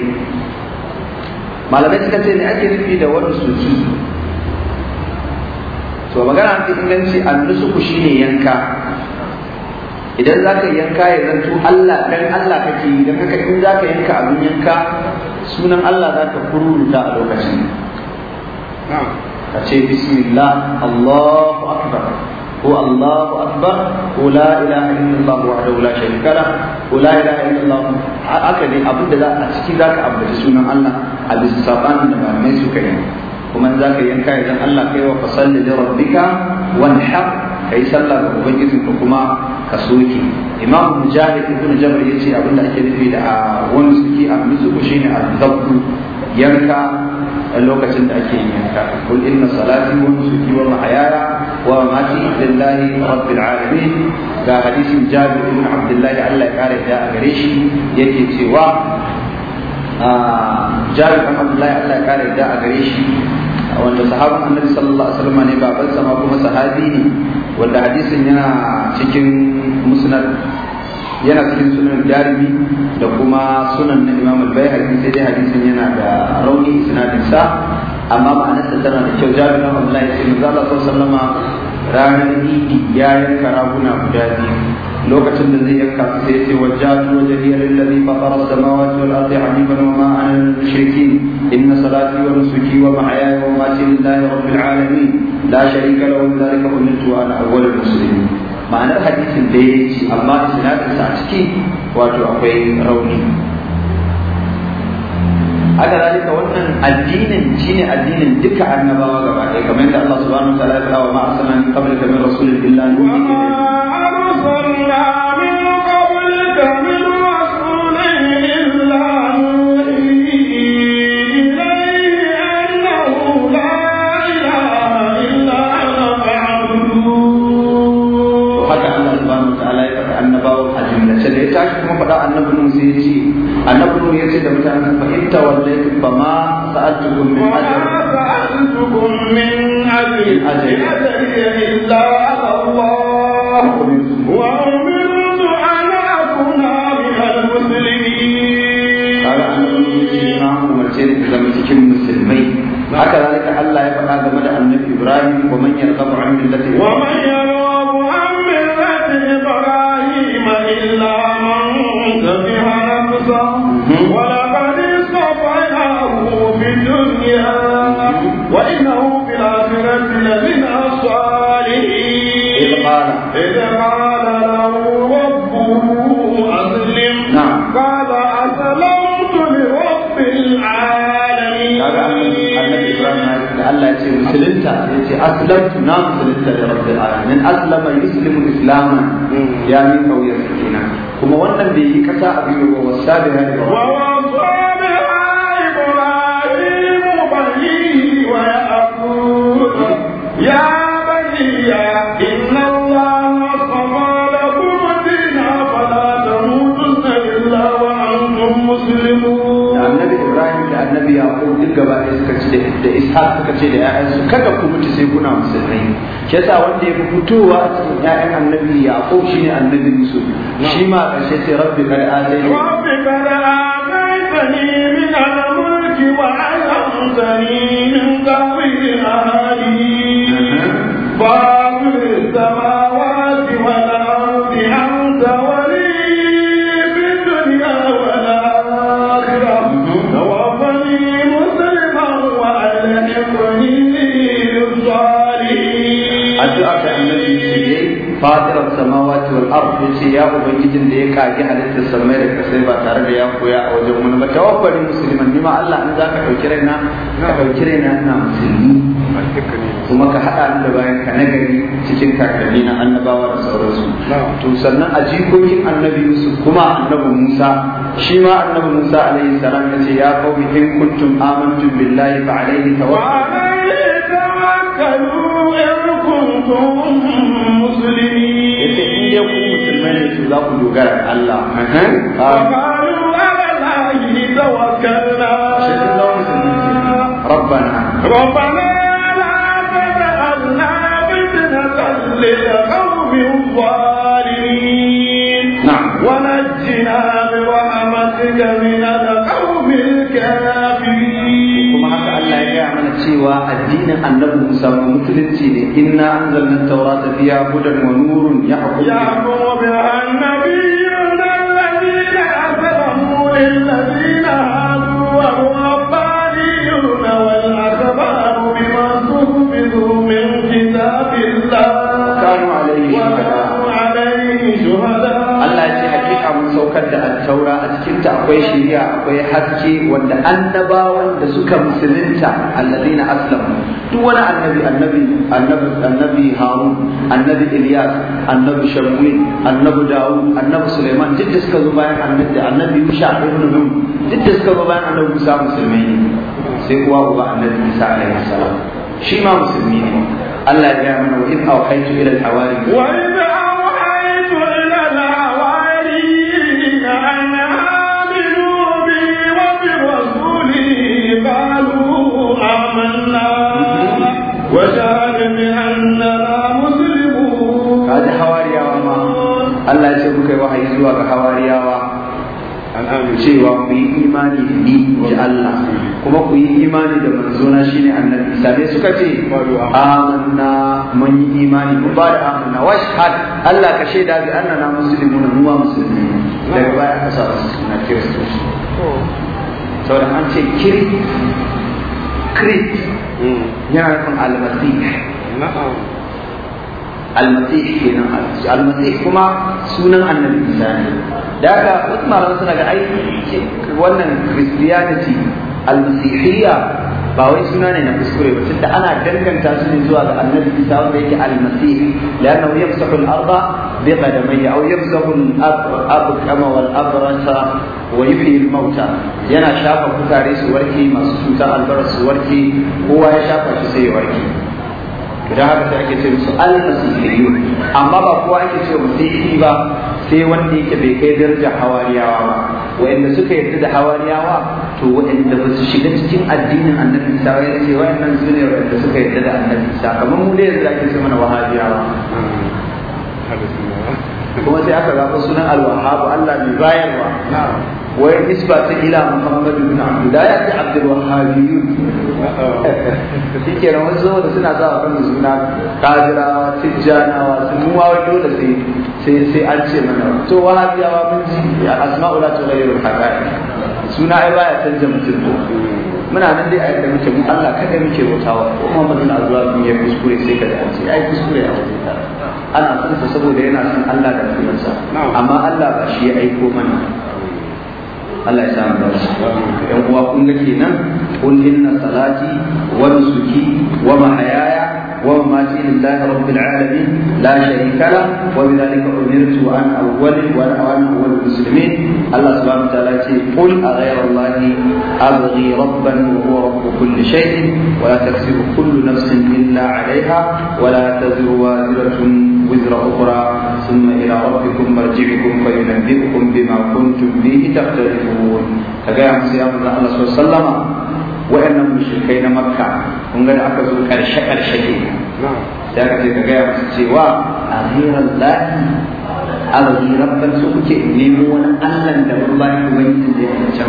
malamai suka ce ne ake nufi da wani suci to magana ta inganci annusuku shine yanka idan za ka yanka ya zanto Allah dan Allah kake yi don in za ka yanka abin yanka sunan Allah za ka kururuta a lokacin ka ce bismillah Allahu akbar ko Allahu akbar ko la ilaha illallah wahdahu ko la haka ne a ciki za ka ambaci sunan Allah a bisa sabanin da suka yi kuma in zaka yanka ya Allah kai wa fasalli li rabbika wanhar kai sallah ga ubangiji ka kuma ka soke imam mujahid ibn jabr yace abinda ake nufi da wani suke a mizuku shine al-dabbu yanka lokacin da ake yin yanka kul inna salati wa nusuki wa mahyaya wa mamati lillahi rabbil alamin ga hadisin jabir ibn abdullahi Allah ya kare da a gare shi yake cewa jari kan abdullahi allah ya kare da a gare shi wanda sahabin annabi sallallahu alaihi wasallam ne baban sama kuma sahabi ne wanda hadisin yana cikin musnad yana cikin sunan jarumi da kuma sunan na imam al-bayhaqi sai dai hadisin yana da rauni isnadin sa amma ba ma'anarsa tana da kyau jarumi na abdullahi sallallahu alaihi wasallam ranar idi ya yanka raguna guda biyu lokacin da zai yanka su sai ce wajjatu wajhiyal ladhi fatara as-samawati wal ardi hanifan wa ma ana min mushrikeen inna salati wa nusuki wa mahyaya wa mamati lillahi rabbil alamin la sharika lahu wa dhalika umirtu wa na awwalul musulmi ma'anar hadisin da ya ce amma sa a ciki wato akwai rauni haka zalika wannan addinin shine addinin duka annabawa gaba ɗaya kamar yadda Allah subhanahu wa ta'ala ya faɗa wa ma arsalna min qablika min rasulin illa nuhi haka Allah subhanahu wa ta'ala ya faɗa annabawa a jimlace da ya tashi kuma faɗa annabin sai ya ce annabi ya ce da mutanen fa in tawallaytum fa ma sa'altukum min ajr ma sa'altukum min ajr ajr illa Allah wa umirtu an akuna min al-muslimin ala annabi na umarce ni da cikin musulmai haka zalika Allah ya faɗa game da annabi Ibrahim wa man yarghabu an millati wa man yarghabu musulunta ya ce aslamtu na musulunta da rabbil alamin aslama yuslimu islaman ya mi kauyar kenan kuma wannan bai yi kasa abin da wa sabiha wa har suka ce da yayansu kada ku mutu sai kuna musulmai ke sa wanda ya fi fitowa a cikin yayan annabi shi shine annabi musu shi ma ƙarshe sai rabbi qad ataytani ce ya ubangijin da ya kage halittar sammai da kasai ba tare da ya koya a wajen wani ba tawaffani musulman ni ma Allah in zaka dauki raina ka dauki raina ina musulmi kuma ka hada ni da bayan ka nagari cikin kakanni na annabawa da sauransu to sannan a jikokin annabi Yusuf kuma annabi Musa shi ma annabi Musa alaihi salam ya ce ya qaumi in kuntum amantum billahi fa alaihi tawakkalu wa alaihi tawakkalu in kuntum muslimin dai ku musulmai ne za ku dogara ga Allah ربنا ربنا لا تجعلنا فتنة للقوم الظالمين نعم ونجنا برحمتك من الأرض cewa addinin annabi Musa musulunci ne inna anzalna at-taurata fiha hudan wa nurun yahkumu biha an-nabiyyuna alladhina amanu lil cikinta akwai shiriya akwai haske wanda annabawan da suka musulunta na aslamu duk wani annabi annabi annabi annabi harun annabi ilyas annabi shamuel annabi dawud annabi suleiman duk da suka zo bayan annabi annabi musa ibn nun duk da suka zo bayan annabi musa musulmai ne sai kuwa uba annabi isa alaihi salam shi ma musulmi ne Allah ya gaya mana wa in awhaytu ila al-hawari wa آمنا وشهد بأننا مسلمون هذا حواري ما الله يسلمك وحي زواك حواري cewa ku yi imani da ni da Allah kuma ku yi imani da manzona shine annabi isa suka ce amanna mun yi imani mun ba da amanna washhad Allah ka shaida bi annana muslimuna mu ma musulmi daga baya aka sa su na kiristoci saboda an ce kiri script yana nufin almasih kuma sunan annabi isa ne da haka wasu suna ga aiki wannan christianity almasihiyya ba wai suna ne na kuskure ba tunda ana danganta su ne zuwa ga annabi isa wanda yake almasih lana yamsahu al-arda bi qadamayhi aw yamsahu al-abqama wal abrasa wa yuhyi al-mauta yana shafa kutare su warke masu cuta albaras su warke kowa ya shafa shi sai ya warke idan haka sai ake ce musu al amma ba kowa ake ce musihi ba sai wanda yake bai kai darajar hawariyawa ba wa'anda suka yarda da hawariyawa to wa'anda ba su shiga cikin addinin annabi isa ba yace wa'annan su ne wa'anda suka yarda da annabi isa kamar mu dai yanzu ake ce mana wahabiyawa hmm. kuma sai aka ga sunan alwahabu Allah mai bayarwa ونسبة إلى محمد Muhammadu عبد الله يأتي عبد الوهابيون شكرا وزو da suna sa kan suna kadira tijjanawa sun mu wawa sai sai an ce mana to wahabiyawa mun ji asma'u la tughayyiru al-haqa'iq suna ai baya canja mutum muna nan dai a yadda muke mu Allah kada muke bautawa ko kuma mun azwa mun ya kuskure sai kada an ce ai kuskure a wajen ana sansa saboda yana son Allah da kuma amma Allah ba shi ya aiko mana Allah ya sa mu dace yan uwa kun nake nan kun inna salati wa nusuki wa mahayaya ومماتي لله رب العالمين لا شريك له وبذلك امرت وانا اول وانا وانا اول المسلمين الله سبحانه وتعالى قل اغير الله ابغي ربا وهو رب كل شيء ولا تكسب كل نفس الا عليها ولا تزر وازره وزر أخرى ثم إلى ربكم مرجعكم فينبئكم بما كنتم به تختلفون كجاء سيدنا الله صلى الله عليه وسلم وإن المشركين مكة هم قد أخذوا كرشة كرشة ذاك كجاء سوى أغير الله أبغي ربا سوكي نمون ألا الله يبين لي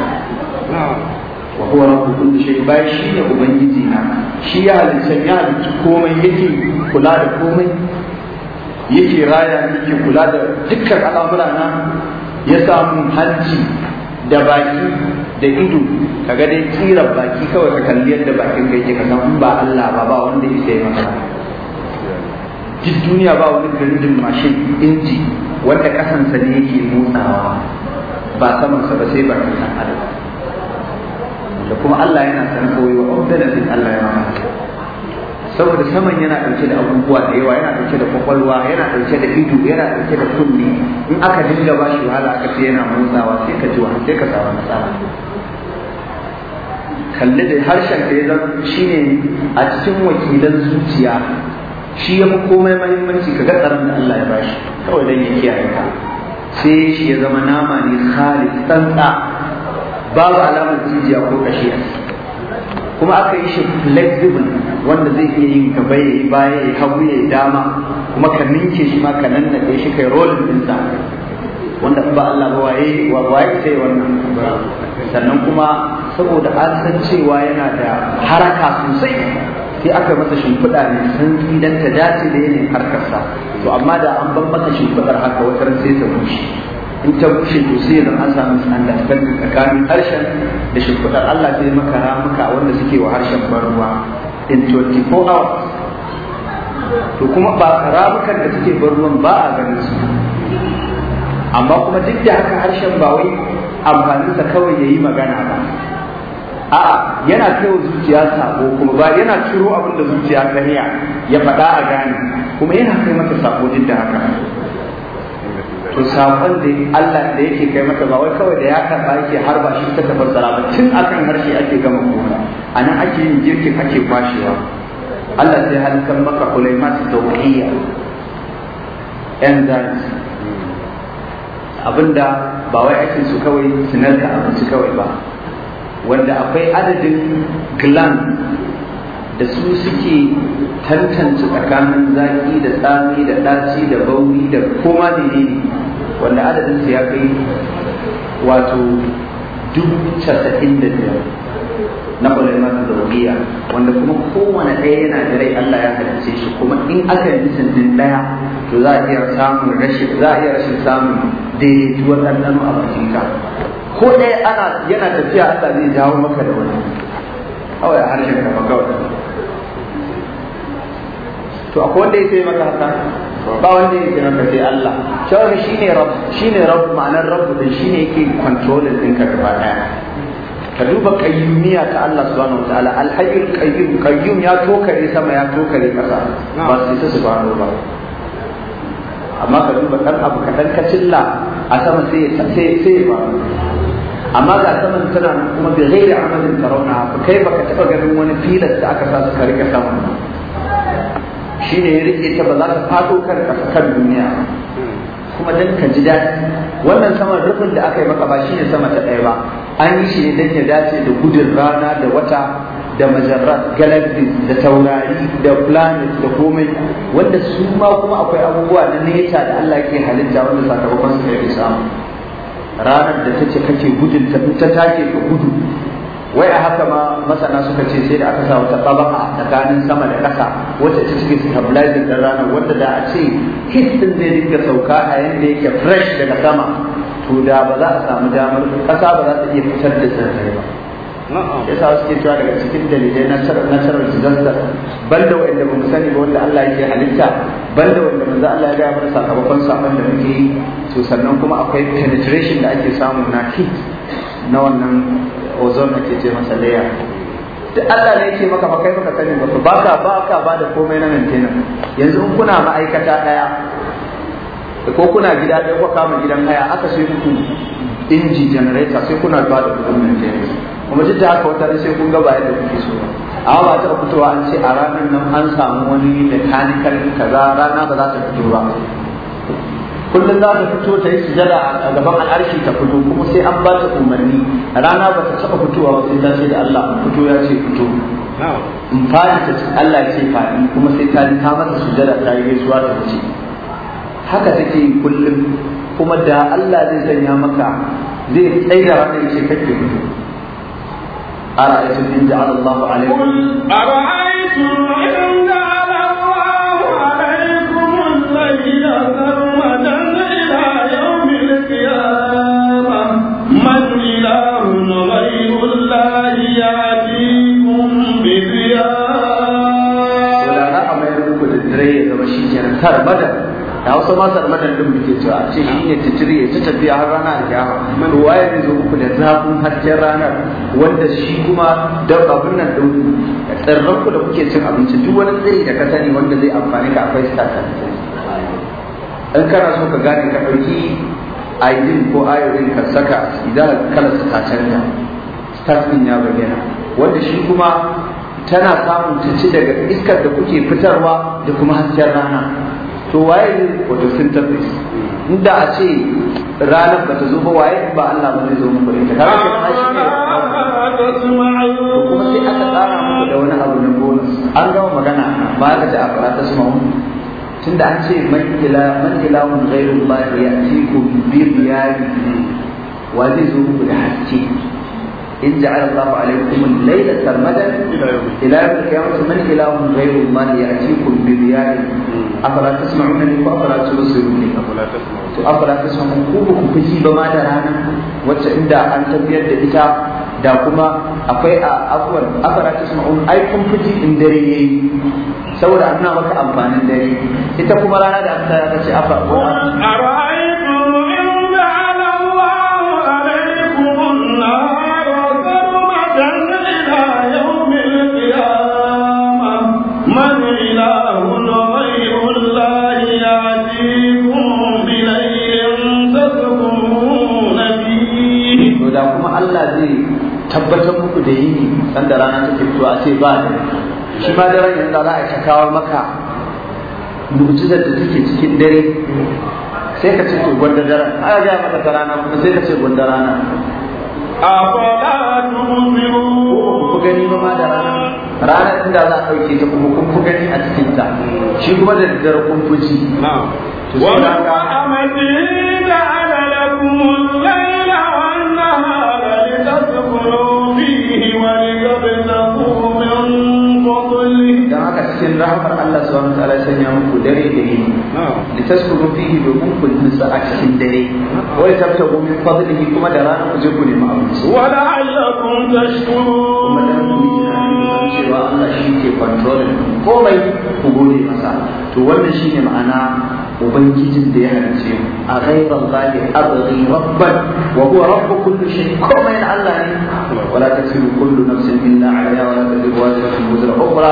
وهو رب كل شيء باي شيء وبنجينا شيء على الإنسان يعني كومي يجي كلا هذا كومي yake raya yake kula da dukkan al'amura na ya samu hanci da baki da ido kaga dai tsira baki kawai ka kalli yadda bakin kai ke kasan in ba Allah ba ba wanda ya sai maka duk duniya ba wani garin mashin inji wanda kasansa ne yake motsawa ba sa ba sai ba san Allah da kuma Allah yana san kawai wa Allah ya san saboda saman yana ɗauke da abubuwa da yawa yana ɗauke da kwakwalwa yana ɗauke da ido yana ɗauke da kunne in aka dinga ba shi wahala aka ce yana motsawa sai ka ji wahala sai ka samu matsala kalli da harshen da ya shi ne a cikin wakilan zuciya shi ya fi komai mahimmanci ka ga tsaron da Allah ya ba bashi kawai dan ya kiyaye ka sai shi ya zama nama ne khalid tsantsa babu alamar jijiya ko kashiya kuma aka yi shi flexible wanda zai iya yin ka bai baya ya hagu ya dama kuma ka ninke shi ma ka ɗaya shi kai rolling ɗinsa wanda ba Allah ba waye wa waye sai wannan sannan kuma saboda an san cewa yana da haraka sosai sai aka masa shimfiɗa ne, sun dan ta dace da yanayin harkarsa to amma da an ban masa shimfiɗar haka wata sai ta bushe in ta kushe to sai da an samu tsandan tsakanin harshen da shimfiɗar Allah zai maka ramuka wanda suke wa harshen barruwa in 24 hours to kuma ba ramukan da suke barruwan ba a ganin su amma kuma duk da haka harshen ba wai amfaninsa kawai ya yi magana ba a yana kai zuciya sako kuma ba yana ciro abin da zuciya ta ya faɗa a gane kuma yana kai mata sako duk da haka to sakon da Allah da yake kai mata ba wai kawai da ya karba yake har ba shi ta tafassara ba tun akan harshe ake gama kuma anan ake yin girkin ake kwashewa Allah sai halkan maka kulaimat tawhiyya and that abinda ba wai ake su kawai su abin abinci kawai ba wanda akwai adadin gland da su suke tantance tsakanin zaki da tsami da ɗaci da bauri da koma ne wanda adadin su ya kai wato dubu casa'in da biyar na da zauriya wanda kuma kowane ɗaya yana da rai Allah ya halice shi kuma in aka yi sandin ɗaya to za a iya samun rashin za a iya rashin samun daidaituwar ɗanɗano a bakinka ko ɗaya yana tafiya Allah zai jawo maka da wani kawai a harshen ka kawai to akwai wanda ya yake maka haka ba wanda yake maka sai Allah shawara shine rabb shine rabb ma'anar rabb din shine yake control din ka gaba daya ka duba qayyumiya ta Allah subhanahu wataala al-hayyul qayyum qayyum ya tokare sama ya tokare kasa ba su ta subhanahu ba amma ka duba kan abu kadan ka cilla a sama sai sai sai ba amma ga saman tana kuma bai zai amalin tarauna ba kai baka taba ganin wani filas da aka sa su ka rike sama shi ne ya rike ta ba za ta fado kan kan duniya kuma dan ka ji daɗi wannan saman rufin da aka yi maka ba shi ne sama ta ɗaya ba an yi shi ne dan ya dace da gudun rana da wata da majarrat galaxies da taurari da planet da komai wanda su ma kuma akwai abubuwa na neca da Allah ke halitta wanda sakamakon su kai samu ranar da take kake gudun ta take ka gudu wai a haka ma masana suka ce sai da aka sa wata tabaka tsakanin sama da ƙasa wacce ta cikin stabilizing da rana wanda da a ce kis zai dinga sauka a yadda yake fresh daga sama to da ba za a samu damar ƙasa ba za ta iya fitar da tsirrai ba ya sa suke cewa daga cikin dalilai na nasarar zanzar bal da wanda ba mu sani ba wanda Allah yake halitta bal da wanda manzo Allah ya ga mana sakamakon sakon da muke yi to sannan kuma akwai penetration da ake samu na kit na wannan ozone ke ce masa layer duk Allah ne yake maka ba maka sani ba ba ka ba ka ba da komai na mintina yanzu in kuna ma'aikata daya ko kuna gida ɗaya ko kama gidan haya aka sai kuku inji generator sai kuna ba da kudin mintina kuma duk da haka wata sai kun ga ba yadda kuke so amma ba ta fitowa an ce a ranar nan an samu wani mechanical kaza rana ba za ta fito ba kullum za ta fito ta yi sujada a gaban al'arshi ta fito kuma sai an ba ta umarni rana ba ta taɓa fitowa ba sai ta ce da Allah fito ya ce fito in fadi ta ce Allah ya ce fadi kuma sai ta ta mata sujada ta yi gaisuwa ta fice haka take yi kullum kuma da Allah zai sanya maka zai tsaida wannan ya ce kake fito أرأيتم إن جعل الله عليكم قل أرأيتم إن sarmadan da wasu ma sarmadan din muke cewa ce shi ne titiri ya ci tafiya har rana a kiyama waye ne zo uku da zafin hasken ranar wanda shi kuma dan abin nan din tsirran ku da kuke cin abinci duk wani tsiri da ka sani wanda zai amfani ka akwai sakamako in kana so ka gane ka ɗauki aidin ko ayoyin ka saka idan kala su ta canza stafin ya bayyana wanda shi kuma tana samun ta ci daga iskar da kuke fitarwa da kuma hasken rana to waye ne photosynthesis inda a ce ranar ba ta zo ba waye ba Allah ba zai zo mu bari ta kaga ce ma shi ne kuma sai aka tsara muku da wani abu na bonus an gama magana ba ka ji a fara ta suma tunda an ce man ila man ila mun ghairu Allah ya'tikum bi riyadi wa zai zo mu da haske إن جعل الله عليكم الليل سرمدا إلى يوم القيامة من إله غير الله يأتيكم بضياء أفلا تسمعونني وأفلا تبصروني أفلا تسمعون أفلا تسمعون كوبكم فجي بما درانا وتعند أن تبيد إتا da kuma akwai a afuwar afara ta sama'un ai kun fiji in dare yayi saboda ana maka amfanin dare ita kuma rana da aka ce afa kan da rana take fitowa a ce ba da shi ma daren yanzu za a ta kawo maka mu'jizar da take cikin dare sai ka ce to gwanda daren a ga maka ta rana kuma sai ka ce gwanda rana afala tusiru ku gani ba ma da rana Rana inda za a ɗauke ta kuma kun fi gani a cikin ta shi kuma da daddare kun fi ji to sai da ka amadina ala lakum cikin rahmar Allah subhanahu wataala ya sanya muku dare da yini li taskuru fihi domin ku nutsa a cikin dare wa tabtagu min fadlihi kuma da rana ku je ku nemi abinci wa la'allakum tashkurun kuma dan ku yi cewa Allah shi ke controlling komai ku gode masa to wannan shine ma'ana ubangijin da ya halice a ghairar zali abghi rabban wa huwa rabbu kulli shay komai Allah ne wala tasiru kullu nafsin illa 'alayha wa la taziru wazratun wizra ukhra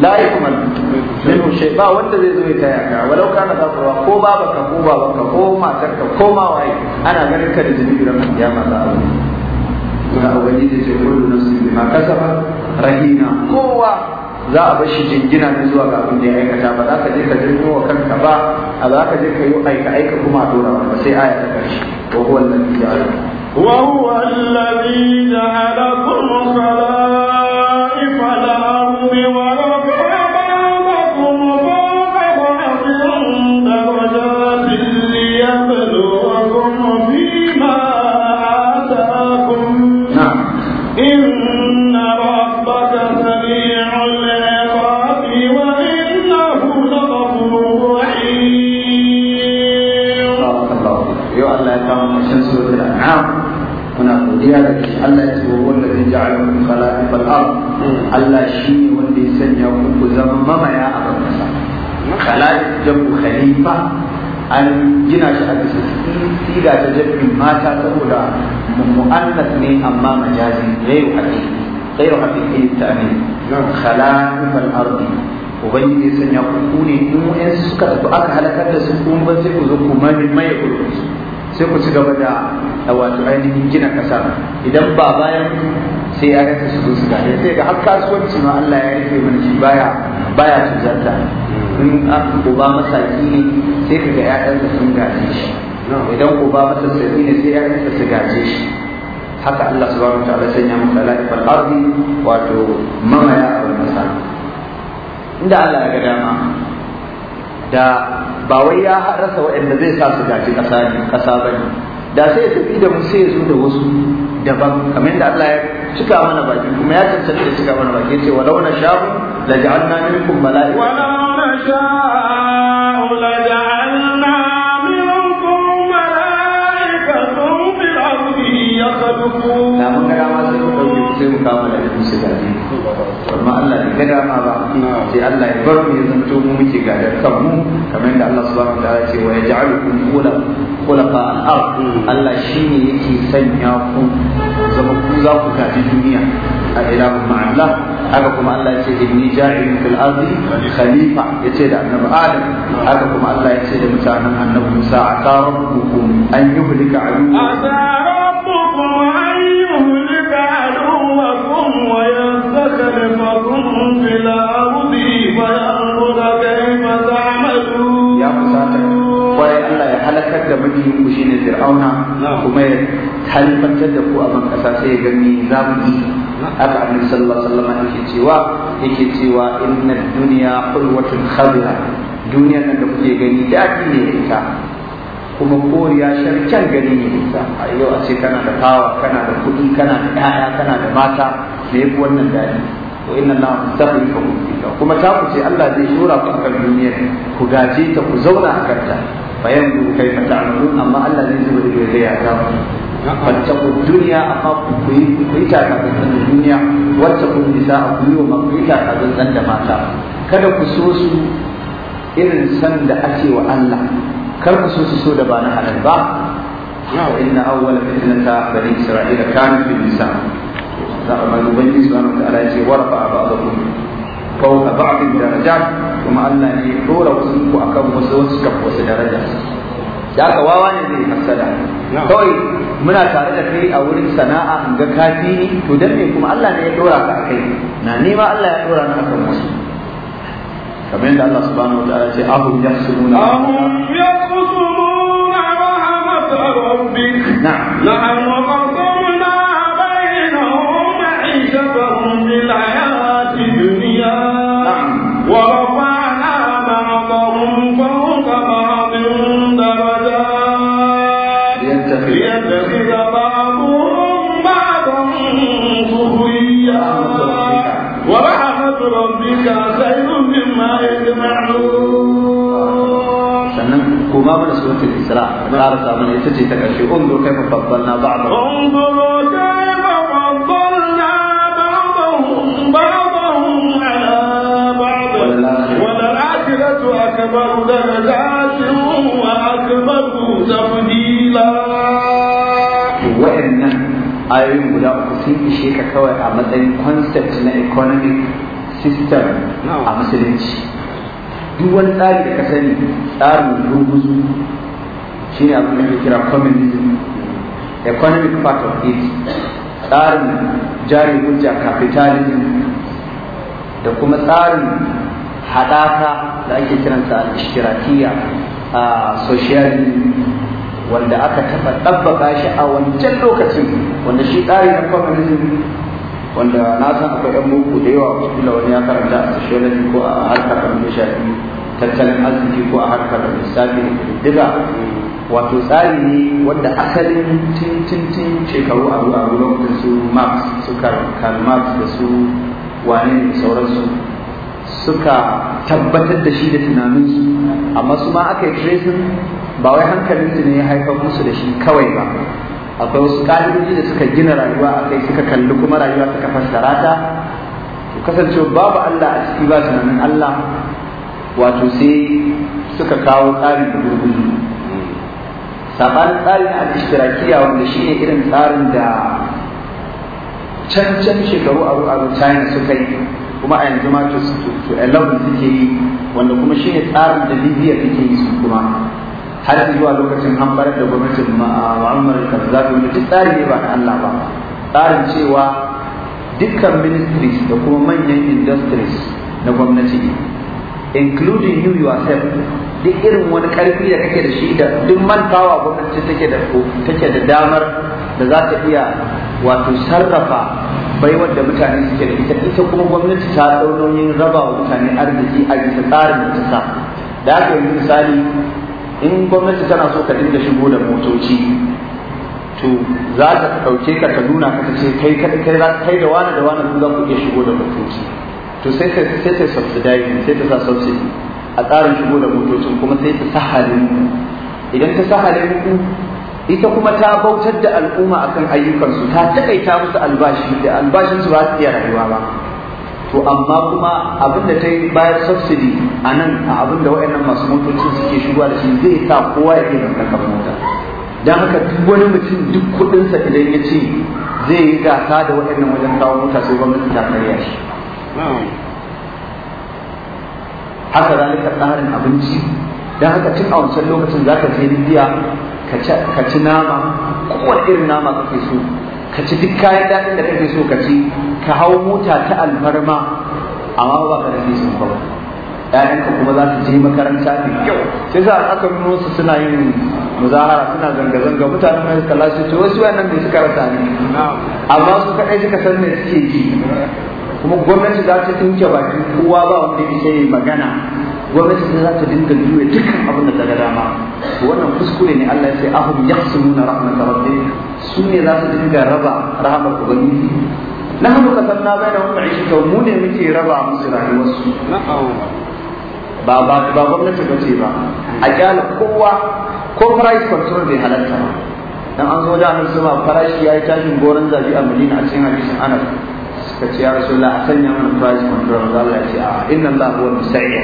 la yakmal minhu ba wanda zai zo ya taya ka walau kana da kurwa ko baba ka ko baba ka ko matar ka ko ma waye ana ganin ka da zunubi ran kiyama za a zo ga ubangiji rahina kowa za a bar shi jingina ne zuwa ga abin da ya aikata ba za ka je ka jirgo wa kanka ba a za ka je ka yi aika aika kuma a dora ba sai aya ta karshe Ko huwa allazi ja'ala wa huwa godiya da Allah ya ce wa wanda zai ji ala mun khala'i fal Allah shi ne wanda ya sanya ku zama mamaya a ban kasa khala'i jamu khalifa an gina shi a bisa siga ta jami'in mata saboda mu'annas ne amma majazi gairu haƙiƙi gairu haƙiƙi ta ne khala'i fal ardi ubangiji ya sanya ku ne in wa'yansu suka tafi aka halakar da su kuma ba sai ku zo ku mai mai gurbin su sai ku ci gaba da wato ainihin gina kasa idan ba bayan sai ya rasa su zo su gane sai ga har kasuwanci ma Allah ya rufe mana shi baya baya tuzarta in an uba masaki ne sai ka ga da sun gaje shi idan uba masaki ne sai da su gaje shi haka Allah subhanahu wa ta'ala sanya mu talaqal ardi wato mamaya a wannan inda Allah ya ga dama da ba wai ya rasa waɗanda zai sa su gaji ƙasa ba ne da sai tafi da mu sai ya zo da wasu daban kamar da Allah ya cika mana baki kuma ya tantance ya cika mana baki ce walau na sha'u la ja'alna minkum mala'ika walau na sha'u la ja'alna minkum mala'ika sun fi ardi yasduqu da mun ga ma sai mu dauke sai mu kama da Allah bai ga dama ba sai Allah ya bar mu yanzu zanto mu muke ga dan kanmu kamar yadda Allah subhanahu wa ta'ala ya ce wa yaj'alukum khulafa al-ard hmm. Allah shine yake sanya ku zama ku za ku gaji duniya a ilahun ma'alla haka kuma Allah ya ce inni ja'ilun fil ardi khalifa yace da annabi Adam haka kuma Allah ya ce da mutanen annabi Musa a rabbukum an yuhlika rabbukum fir'auna kuma ya halifantar da ku a ban kasa sai ya gani za mu yi haka annabi sallallahu alaihi wasallam yake cewa yake cewa inna dunya hulwatun khabira duniya nan da kuke gani da ake ne ya ita kuma koriya sharken gani ne ita a yau a ce kana da fawa kana da kuɗi kana da ƴaƴa kana da mata me yafi wannan dadi wa inna Allah mustaqikum kuma ta ku ce Allah zai shura ku akan duniyar ku gaje ta ku zauna a kanta fayanzu kaifa ta'malun amma Allah zai zuba da gaya ta wacce ku duniya amma ku yi kuita ta kan duniya wacce kun nisa a ku yi wa makuita ta zan da mata kada ku so su irin san da ake wa Allah kar ku so su so da ba na halal ba wa inna awwala fitnata bani isra'ila kana fi nisa za a mai ubangiji subhanahu wa ta'ala ya ce warfa ba'dakum فوق بعض الدرجات kuma Allah ne ya dora wasu ku akan wasu wasu kan wasu daraja da aka wawa ne kawai muna tare da kai a wurin sana'a in ga kafi ne to dan ne kuma Allah ne ya dora ka kai. na nema Allah ya dora ni kan wasu kamar yadda Allah subhanahu wa ta'ala ce ahum yahsumuna ahum ربك خير مما يجمعون sannan kuma mana suratul isra tsara ta mana ita ce ta karshe unzur kaifa faddalna ba'd unzur kaifa faddalna ba'dahum ba'dahum ala ba'd wal akhiratu akbar darajatin wa akbar tafdila wa'annan ayoyin guda uku sun ishe ka kawai a matsayin concept na economic system a musulunci duk wani tsari da ka sani tsarin rubuzu shi ne abin da kira communism economic part of it tsarin jari hujja capitalism da kuma tsarin haɗaka da ake kiransa al shirakiya a socialism wanda aka taɓa ɗabbaka shi a wancan lokacin wanda shi tsari na communism wanda na san akwai yan muku da yawa wasu wani ya karanta a sociology ko a harkar da shafi tattalin arziki ko a harkar da lissafi da wato tsari ne wanda asalin tintintin shekaru a ruwa da su marx su karl marx da su wane ne sauransu suka tabbatar da shi da tunaninsu amma su ma aka yi tracing ba wai hankalinsu ne ya haifar musu da shi kawai ba akwai wasu ƙa'idoji da suka gina rayuwa a kai suka kalli kuma rayuwa suka fassara ta kasancewa babu Allah a ciki ba tunanin Allah wato sai suka kawo tsarin gurguzu sabanin tsarin al-ishtirakiya wanda shine irin tsarin da cancan shekaru a aru China suka yi kuma a yanzu ma to to suke yi wanda kuma shine tsarin da Libya take yi su kuma har zuwa lokacin an da gwamnatin ah, Muammar Gaddafi wanda duk tsari ne ba na Allah ba tsarin cewa dukkan ministries da kuma manyan industries na gwamnati including you yourself duk irin wani karfi da kake da shi da duk mantawa gwamnati take da take da damar da za ta iya wato sarrafa baiwar da mutane suke da ita ita kuma gwamnati ta ɗau raba wa mutane arziki a bisa tsarin da ta sa da aka yi misali in gwamnati tana so ka dinga shigo da motoci to za ta ɗauke ka ta nuna ka ta ce kai kai kai da wani da wani za ku iya shigo da motoci to sai ka sai ta subsidize sai ta sa subsidy a tsarin shigo da motocin kuma sai ta sahalin idan ta sahalin ku ita kuma ta bautar da al'umma akan ayyukansu ta taƙaita musu albashi da albashinsu ba su iya rayuwa ba to amma kuma abin da ta yi bayar subsidy a nan a abin da waɗannan masu motoci su shigowa da shi zai sa kowa ya da mallakar mota don haka duk wani mutum duk kuɗinsa idan ya ce zai yi gasa da waɗannan wajen kawo mota sai gwamnati ta karya shi haka zalika tsarin abinci don haka tun a wancan lokacin za ka je Libya ka ci nama kowane irin nama kake so ka ci duk kayan daɗin da kake so ka ci ka hau mota ta alfarma amma ba ka da nisan ƴaƴanka kuma za su ji makaranta da kyau sai sa aka nuno su suna yin muzahara suna zanga-zanga mutanen mai kalla su ce wasu wannan bai suka rasa ne amma su kaɗai suka san me suke ji kuma gwamnati za ta tunke baki kowa ba wanda ya yi magana gwamnati za ta dinga juya dukkan abin da ta dama wannan kuskure ne Allah ya ce ahum yaqsimuna rahmat rabbih su ne za su dinga raba rahmar ubangiji nahnu qasamna bainahum ma'ishatuhum mu ne muke raba musu rayuwarsu na'am ba ba ba gwamnati ba ce ba a kyala kowa ko price control bai halatta ba dan an zo da an sama farashi yayi tashin goron zabi a Madina a cikin hadisin Anas suka ce ya Rasulullah a sanya mana price control Allah ya ce a inna Allah huwa musayyi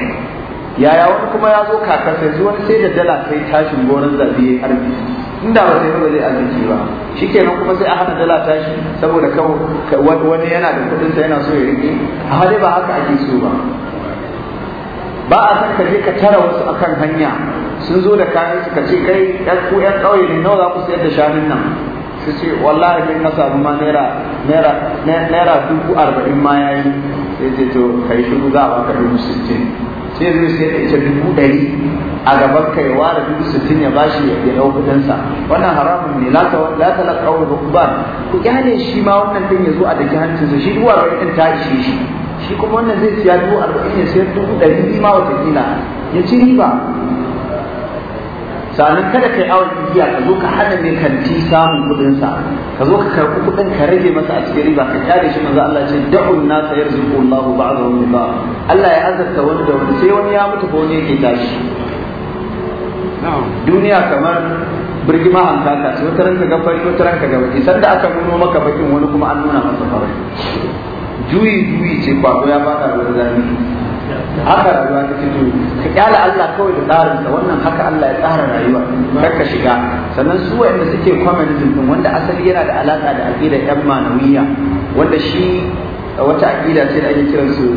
yaya wani kuma ya zo kakar sai zuwa sai da dala sai tashin goron zabi ya arziki inda ba sai ba zai arziki ba shikenan kuma sai a hana dala tashi saboda kawai wani yana da kudin sa yana so ya rike a hade ba haka ake so ba ba a san ka je ka tara wasu akan hanya sun zo da kayan su ka ce kai yan ku yan kauye ne nawa za ku sayar da shanun nan su ce wallahi ne na samu ma naira naira naira dubu arba'in ma yayi sai ce to kai shiru za a baka dubu sittin sai zai sayar da ita dubu ɗari a gaban kai ware dubu sittin ya bashi ya ɗau kuɗinsa wannan haramun ne la ta la ta ba ku kyale shi ma wannan din ya zo a daki hancinsa shi duwar ɗin ta ishe shi shi kuma wannan zai siya dubu arba'in ya siyar dubu ɗari biyu ma wata gina, ya ci riba sannan kada kai awon igiya ka zo ka hana mai kanti samun kuɗinsa ka zo ka karɓi kuɗin ka rage masa a cikin riba ka kyale shi manzo Allah ce da'un nasa yarzuqu Allahu ba'dahu min ba, Allah ya azarta wani da wani sai wani ya mutu ko wani yake tashi duniya kamar birgima an taka sai wata ranka ga fari wata ranka ga baki sanda aka nuno maka bakin wani kuma an nuna masa farai juyi juyi ce kwado ya baka ruwan zafi haka rayuwa ta fito ka kyala Allah kawai da tsarinsa wannan haka Allah ya tsara rayuwa kar ka shiga sannan su wanda suke communism din wanda asali yana da alaka da aqidar yan manawiyya wanda shi wata aƙida ce da ake kiran su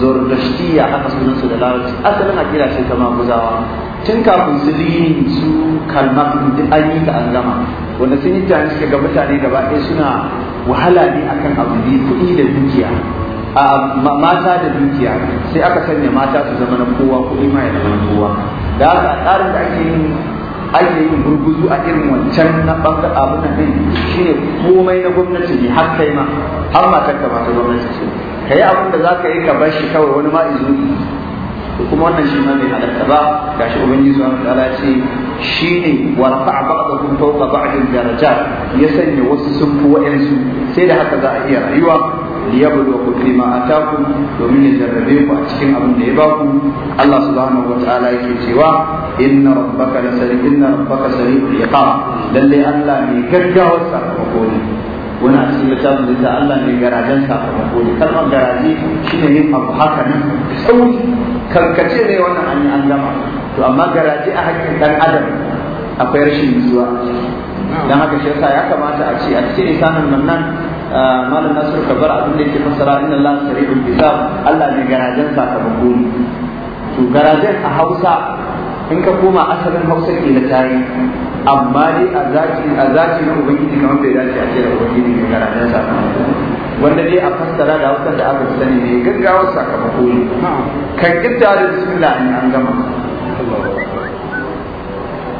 zordashtiya haka sunan su da larabci asalin aƙida ce ta maguzawa tun kafin su liyin su kalma duk an yi ta an wanda sun yi tare suka ga mutane gaba ɗaya suna wahala ne akan abu biyu kuɗi da dukiya a mata da dukiya sai aka sanya mata su zama na kowa kuɗi ma ya zama na kowa da haka tsarin da ake ake yin gurguzu a irin wancan na bangar abin nan din shine komai na gwamnati ne har kai ma har ma ka ba ta gwamnati ce ka yi abin da za ka yi ka bar shi kawai wani ma izu kuma wannan shi ma bai halatta ba gashi ubangiji zuwa ta'ala ce shine wa rafa'a ba'dakum fawqa ba'din darajat ya sanya wasu sun fi wa'ansu sai da haka za a iya rayuwa liyabluwakum fima atakum domin ya jarrabe ku a cikin abin da ya baku Allah subhanahu ta'ala yake cewa inna rabbaka la sari inna rabbaka sari iqab lalle Allah ne gaggawar sakamako ne wani a cikin littafin da Allah ne garajen sakamako ne kalmar garaje shine yin abu haka ne sauki karkace ne wannan an yi an gama to amma garaje a hakkin dan adam akwai rashin zuwa dan haka shi yasa ya kamata a ce a cikin isanin nan malam nasiru kabar abin da yake fassara inna Allah sari'ul hisab Allah ne garajen sakamako ne to garajen a Hausa in ka koma asalin Hausa ke da tare amma dai a zaki a zaki na ubangiji kamar bai dace a ce da ubangiji ne garajen sakamako wanda dai a fassara da Hausa da aka sani ne gaggawar sakamako ne kan gidda da bismillah an gama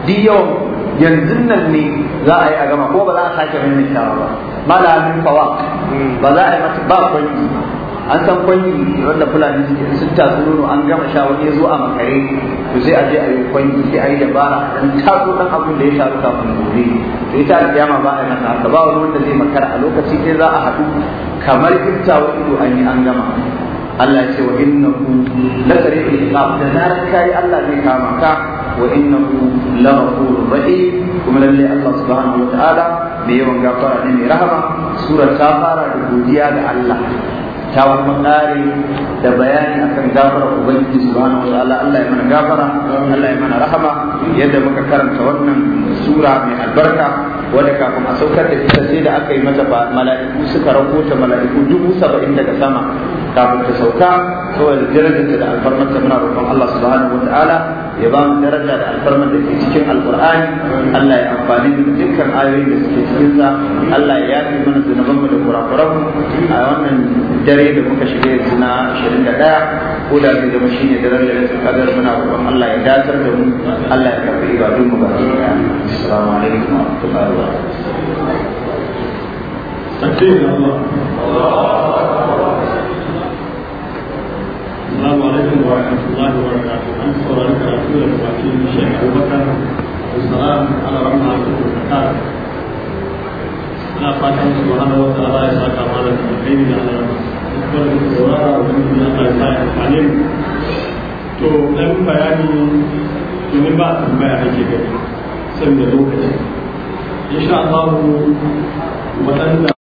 duk yawan yanzu nan ne za a yi a gama ko ba za a sake maimaitawa ba Ba hannun fawa ba za a yi mata, ba kwanki an san kwanki wanda fulani suke sun tatsu nono an gama sha wani ya zo a makare to sai a je a yi kwanki sai a yi dabara dan tatsu dan abin da ya taru kafin gobe to ita kiyama ba a yi masa haka ba wani wanda zai makara a lokaci sai za a haɗu kamar iftawa ido an yi an gama Allah ya ce wa innahu la sari'ul iqab da zarar kai Allah zai kama ka wa ku la ghafurur rahim kuma lalle Allah subhanahu wa ta'ala mai yawan gafara ne mai rahama sura ta fara da godiya ga Allah ta kuma kare da bayani akan gafara ubangiji subhanahu wa ta'ala Allah ya mana gafara Allah ya mana rahama yadda muka karanta wannan sura mai albarka wadda kafin a saukar da ita sai da aka yi mata mala'iku suka rahoto mala'iku dubu saba'in daga sama kafin ta sauka saboda darajarta da alfarmarta muna roƙon Allah subhanahu wa ta'ala ya ba mu daraja da alfarmar da ke cikin alkur'ani Allah ya amfani da dukkan ayoyin da suke cikinsa Allah ya yafe mana zunubanmu da kurakuranmu a wannan dare da muka shiga yanzu na 21 ko da zai zama shine daren da rasul kadar muna roƙon Allah ya datar da mu Allah ya karɓi ibadun mu baki daya assalamu alaikum wa rahmatullahi wa السلام عليكم wanda ke da ya sa ya alim to ɗan bayani domin ba a tambaya ake gani saboda lokaci insha Allah waɗanda